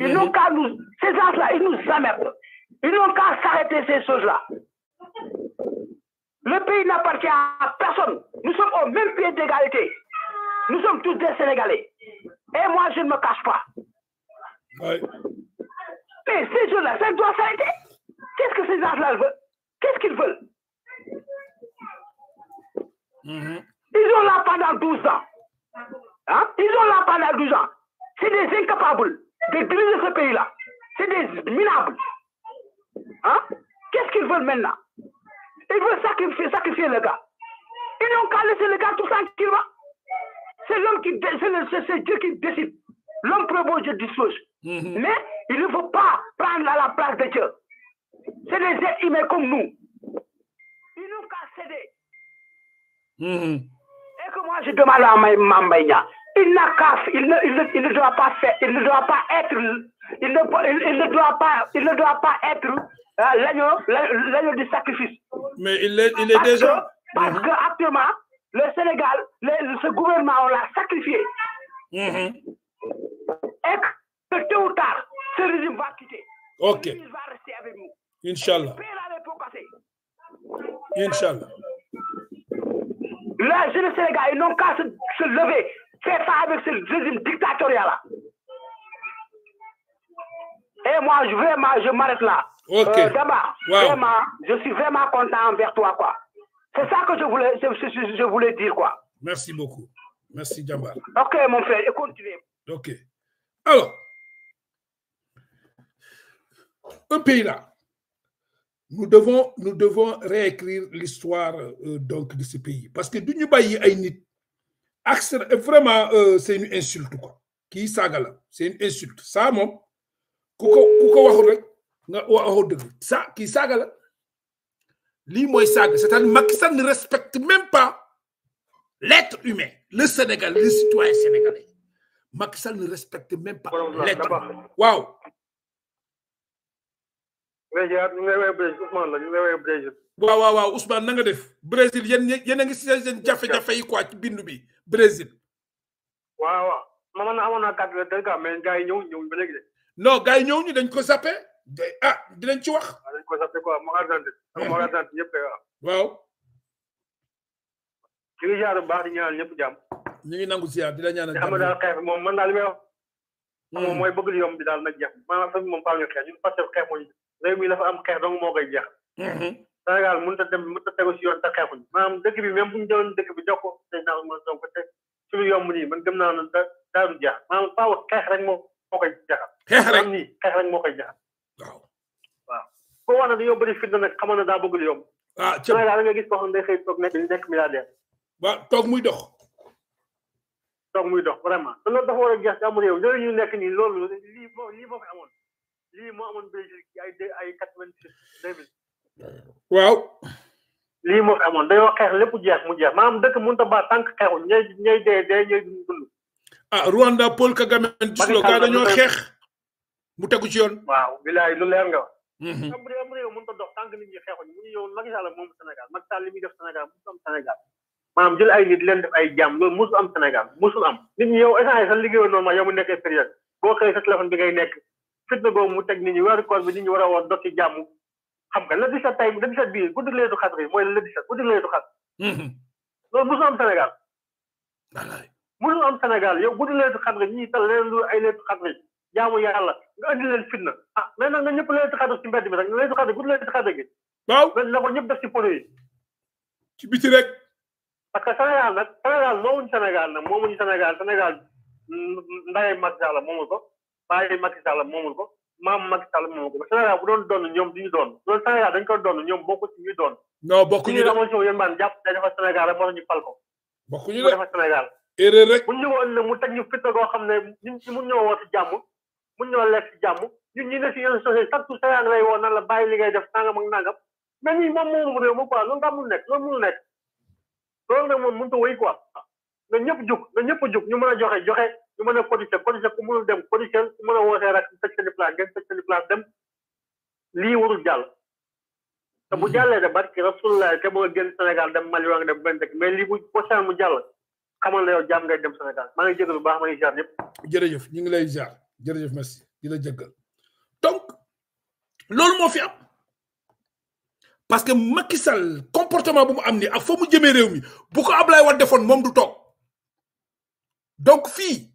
Ils n'ont qu'à nous. Ces gens-là, ils nous amènent. Ils n'ont qu'à s'arrêter ces choses-là. Le pays n'appartient à personne. Nous sommes au même pied d'égalité. Nous sommes tous des Sénégalais. Et moi, je ne me cache pas. Oui. Mais ces gens-là, ça doit s'arrêter. Qu'est-ce que ces gens-là veulent Qu'est-ce qu'ils veulent mhm. Ils ont là pendant 12 ans. Hein? Ils ont là pendant 12 ans. C'est des incapables de diriger ce pays-là. C'est des minables. Hein? Qu'est-ce qu'ils veulent maintenant Ils veulent sacrifier, sacrifier le gars. Ils n'ont qu'à laisser le gars tout tranquillement. C'est l'homme qui c'est Dieu qui décide. L'homme prévoit Dieu dispose. Mhm. Mais il ne faut pas prendre la place de Dieu. C'est des êtres humains comme nous. Ils n'ont qu'à céder. Hmm. Et que moi, je demande à ma Mambaïna, il n'a qu'à, il ne, il, ne, doit pas faire, il ne doit pas être, il ne, il, ne doit pas, il ne doit pas être euh, l'agneau, du sacrifice. Mais il est, il est déjà. parce mhm. actuellement, le Sénégal, ce gouvernement, on l'a sacrifié. Mhm. Et que tôt ou tard, ce régime va quitter. Ok. Il va rester avec nous. Inch'Allah. Inch'Allah. Les jeunes Sénégalais ils n'ont qu'à se, lever. C'est ça avec ce régime dictatorial-là. Et moi, je, vraiment, je m'arrête là. Ok. Euh, Dama, vraiment, je suis vraiment content envers toi, quoi. C'est ça que je voulais, je, je, voulais dire, quoi. Merci beaucoup. Merci, Djamba. Ok, mon frère, et continuez. Ok. Alors un pays là. Nous devons, nous devons réécrire l'histoire euh, donc de ce pays. Parce que accès vraiment, euh, c'est une insulte. Quoi. Qui sagala, c'est une insulte. Ça, mon, ça, qui sagala, li moy saga. C'est-à-dire Macky Sall ne respecte même pas l'être humain, le Sénégal, le citoyen sénégalais. Macky Sall ne respecte même pas l'être humain. Waouh! Ndeysaan ñu ngi lay woowee Brésil Ousmane la ñu ngi lay woowee Brésil. waaw waaw waaw Ousmane na nga def Brésil yéen yéen a ngi seen jafe-jafe yi quoi ci bindu bi Brésil. waaw waaw man man amoon naa carte d'identité quoi mais gars yi ñëw ñëw ba léegi de. non gars yi ñëw ñu dañ ko zappé ah dinañ ci wax. waaw ko zappé quoi moo argenté ak ah. moo argenté ñëpp kay waaw. waaw. ñu ngi ziar bu baax di ñaanal ñëpp jàmm. ñu ngi nangu ziar di la ñaanal jàmm. am daal xeex moom man daal li may wax. Hmm. moom mooy bëgg lu yomb bi daal nag jeex maanaam moom faaw ñu xeex ñun réew mi dafa am xeex dong moo koy jeex. Mhm. Sénégal mun ta dem mënut a tegu si yoon te xeexuñ maanaam dëkk bi même bu ñu dëkk bi jox ko tey naa ko donc te man gëm naa ne da daa du jeex rek moo moo koy jeexal. xeex rek moo koy jeexal. waaw waaw koo wax ne dañoo bëri fitna na daa bëgg lu yomb. ah ca Sénégal da nga gis koo xam ne day xëy nekk nekk milliardaire. waaw toog muy dox. toog muy dox vraiment te loolu war a jeex ci am réew loolu ñu nekk nii loolu lii moo lii moo fi lii moo amoon ay ay quatre-vingt-six deux mille waaw lii moo fi dañoo xeex lépp jeex mu jeex maanaam dëkk mënut a baax tànk xeexul ñay ñay dee dee ñay dund ah Rwanda Paul Kagame gisuloo gaa dañoo xeex mu tegu ci yoon waaw bilaay lu leer nga wax mhm. am réew am réew mënut a dox tànk nit ñi xeexuñ mu ngi yow Macky Sall moom Sénégal Macky li muy def Sénégal musul am Sénégal maanaam jël ay nit leen def ay jàmm loolu musul am Sénégal musul am nit ñi yow échange sax liggéeyoon noonu ma yow mu nekk période boo xëy sa téléphone bi ngay nekk fitna googu mu teg nit ñi weeru koor bi nit ñi war a woon dox ci jàmm xam nga la di sa tay la di sa bii guddi leetu xat bi mooy la di sa guddi leetu xat mm-hmm. loolu musul am Sénégal musul am Sénégal yow guddi leetu xat bi ñi tal leen lu ay leetu xat bi jaamu yàlla nga indi leen fitna ah mais nag nga ñëpp leetu xat ci mbedd bi rek leetu xat guddi leetu xat gi waaw na ko ñëpp def ci pono yi ci biti rek parce que Sénégal nag Sénégal moomuñu Sénégal nag moomuñu Sénégal Sénégal mm, ndaye mag yàlla moomu ko bàyyi Macky Sall moomul ko maam Macky Sall moomul ko Sénégal bu doon doon ñoom du ñu doon loolu Sénégal dañ ko doon ñoom bokku ci doon. non bokkuñu la suñu yéen maan jàpp day defar Sénégal rek moo tax ñu fal ko. bokkuñu mu teg ñu goo xam ne ñun mun ñoo woo si jàmm mun ñoo lekk si jàmm ñun ñu ne si réseaux sociaux chaque jour Sénégal lay woon nan la bàyyi liggéey def nangam ak nangam mais ñun moom moomu réew ma quoi loolu daa mun nekk loolu mun nekk loolu nag moom mënut a wéy quoi na ñëpp jug na ñëpp jug ñu mën a joxe joxe ñu mën a cotiser cotiser ku mënul dem cotiser ku mën a wootee rek tëj seen plan dem lii warul jàll te bu jàllee de barki rasulullah te bëgg génn Sénégal dem Mali waa dem benn mais lii bu prochain mu jàll xamal na yow jàmm ngay dem Sénégal maa ngi jégalu baax maa ngi jaar ñëpp. jërëjëf ñu ngi lay jaar jërëjëf merci di la jëggal donc loolu moo fi am parce que Macky Sall comportement bu mu am nii ak fa mu jëmee réew mi bu ko Ablaye Wade defoon moom du toog donc fii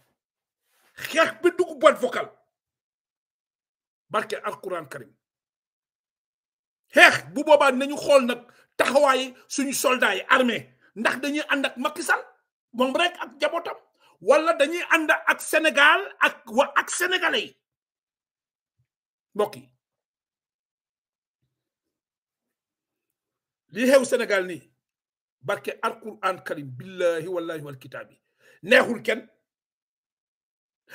xeex bi dugg boîte vocale barke alquran karim xeex bu boobaa nañu xool nag taxawaay suñu soldats yi ndax dañuy ànd ak Macky Sall moom rek ak jabootam walla dañuy ànd ak Sénégal ak wa ak sénégalais yi mbokk yi li xew Sénégal nii barke alquran karim billahi wallahi wal neexul kenn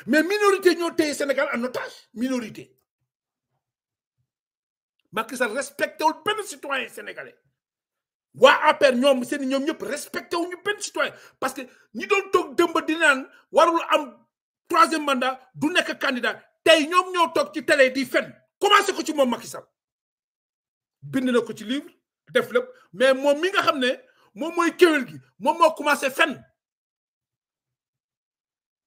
mais minorité sommes au Sénégal en otage minorité Macky Sall respecté citoyen sénégalais wa ne ñom seen ñom ñep citoyen parce que ñi doon tok dëmb di nan warul am troisième mandat du nek candidat tay ñom ñoo tok ci télé di comment commencé que ci mom Macky Sall bind na ko livre mais mi nga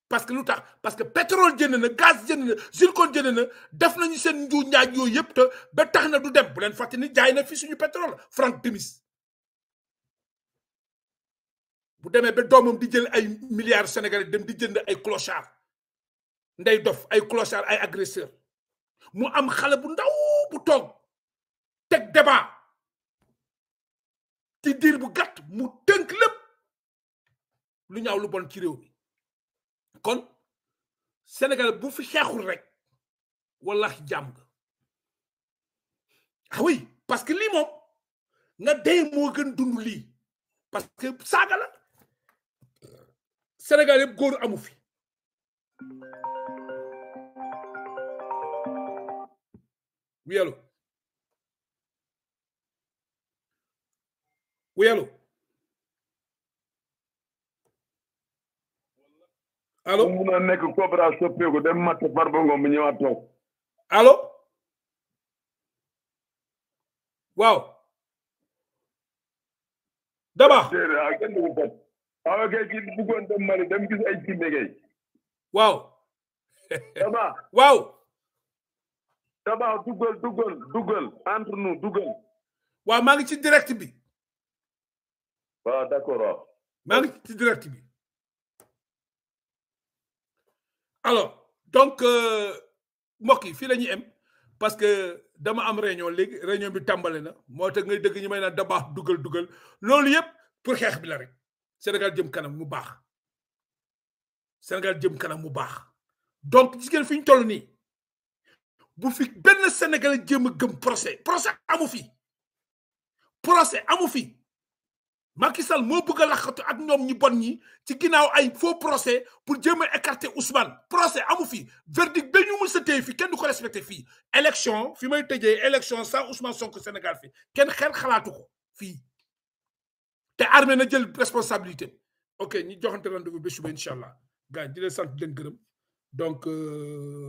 parce que lu tax parce que pétrole jënd na gaz jënd na zircon jënd na def nañu seen nju ñaaj yooyu yëpp te ba tax na du dem bu leen fàtte ni jaay na fi suñu pétrole Franck Timis bu demee ba doomam di jël ay milliards sénégalais dem di jënd ay clochard nday dof ay clochard ay agresseur mu am xale bu ndaw bu toog teg débat ci diir bu gàtt mu tënk lépp lu ñaaw lu bon ci réew mi kon Sénégal bu fi xeexul rek wallahi jàmm nga ah oui parce que li mom nga dee mo gën dund li parce que saga la Sénégal yëpp goor amu fi wiyelu wiyelu Alô? Muna nek coopération pego dem mat par bongo Alô? wow Daba. Awa kay ki bëggoon dem Mali dem gis ay ci ngay. Daba. wow Daba google google google entre nous google Waaw maa ngi ci direct bi. Waaw d'accord waaw. maa ngi ci direct bi. alors donc euh, mbokk yi fii la ñuy am parce que dama am réunion léegi réunion bi tàmbale na moo tax ngay dëgg ñu may naan da baax dugal dugal loolu yëpp pour xeex bi la rek Sénégal jëm kanam mu baax Sénégal jëm kanam mu baax donc gis fi ñu toll nii bu fi benn Sénégalais jéem a gëm procès procès amu fi procès amu fi Macky Sall moo bëgg la xatu ak ñom ñu bon ñi ci ginaaw ay faux procès pour jéem écarter Ousmane procès amu fi verdict ba ñu mën se téye fii kenn du ko respecter fi élection fi may tejé élection sans Ousmane Sonko Sénégal fi kenn xel xalaatu ko te armée na jël responsabilité ok ñi joxante rendez-vous ba suba incha allah di le sant di donc euh,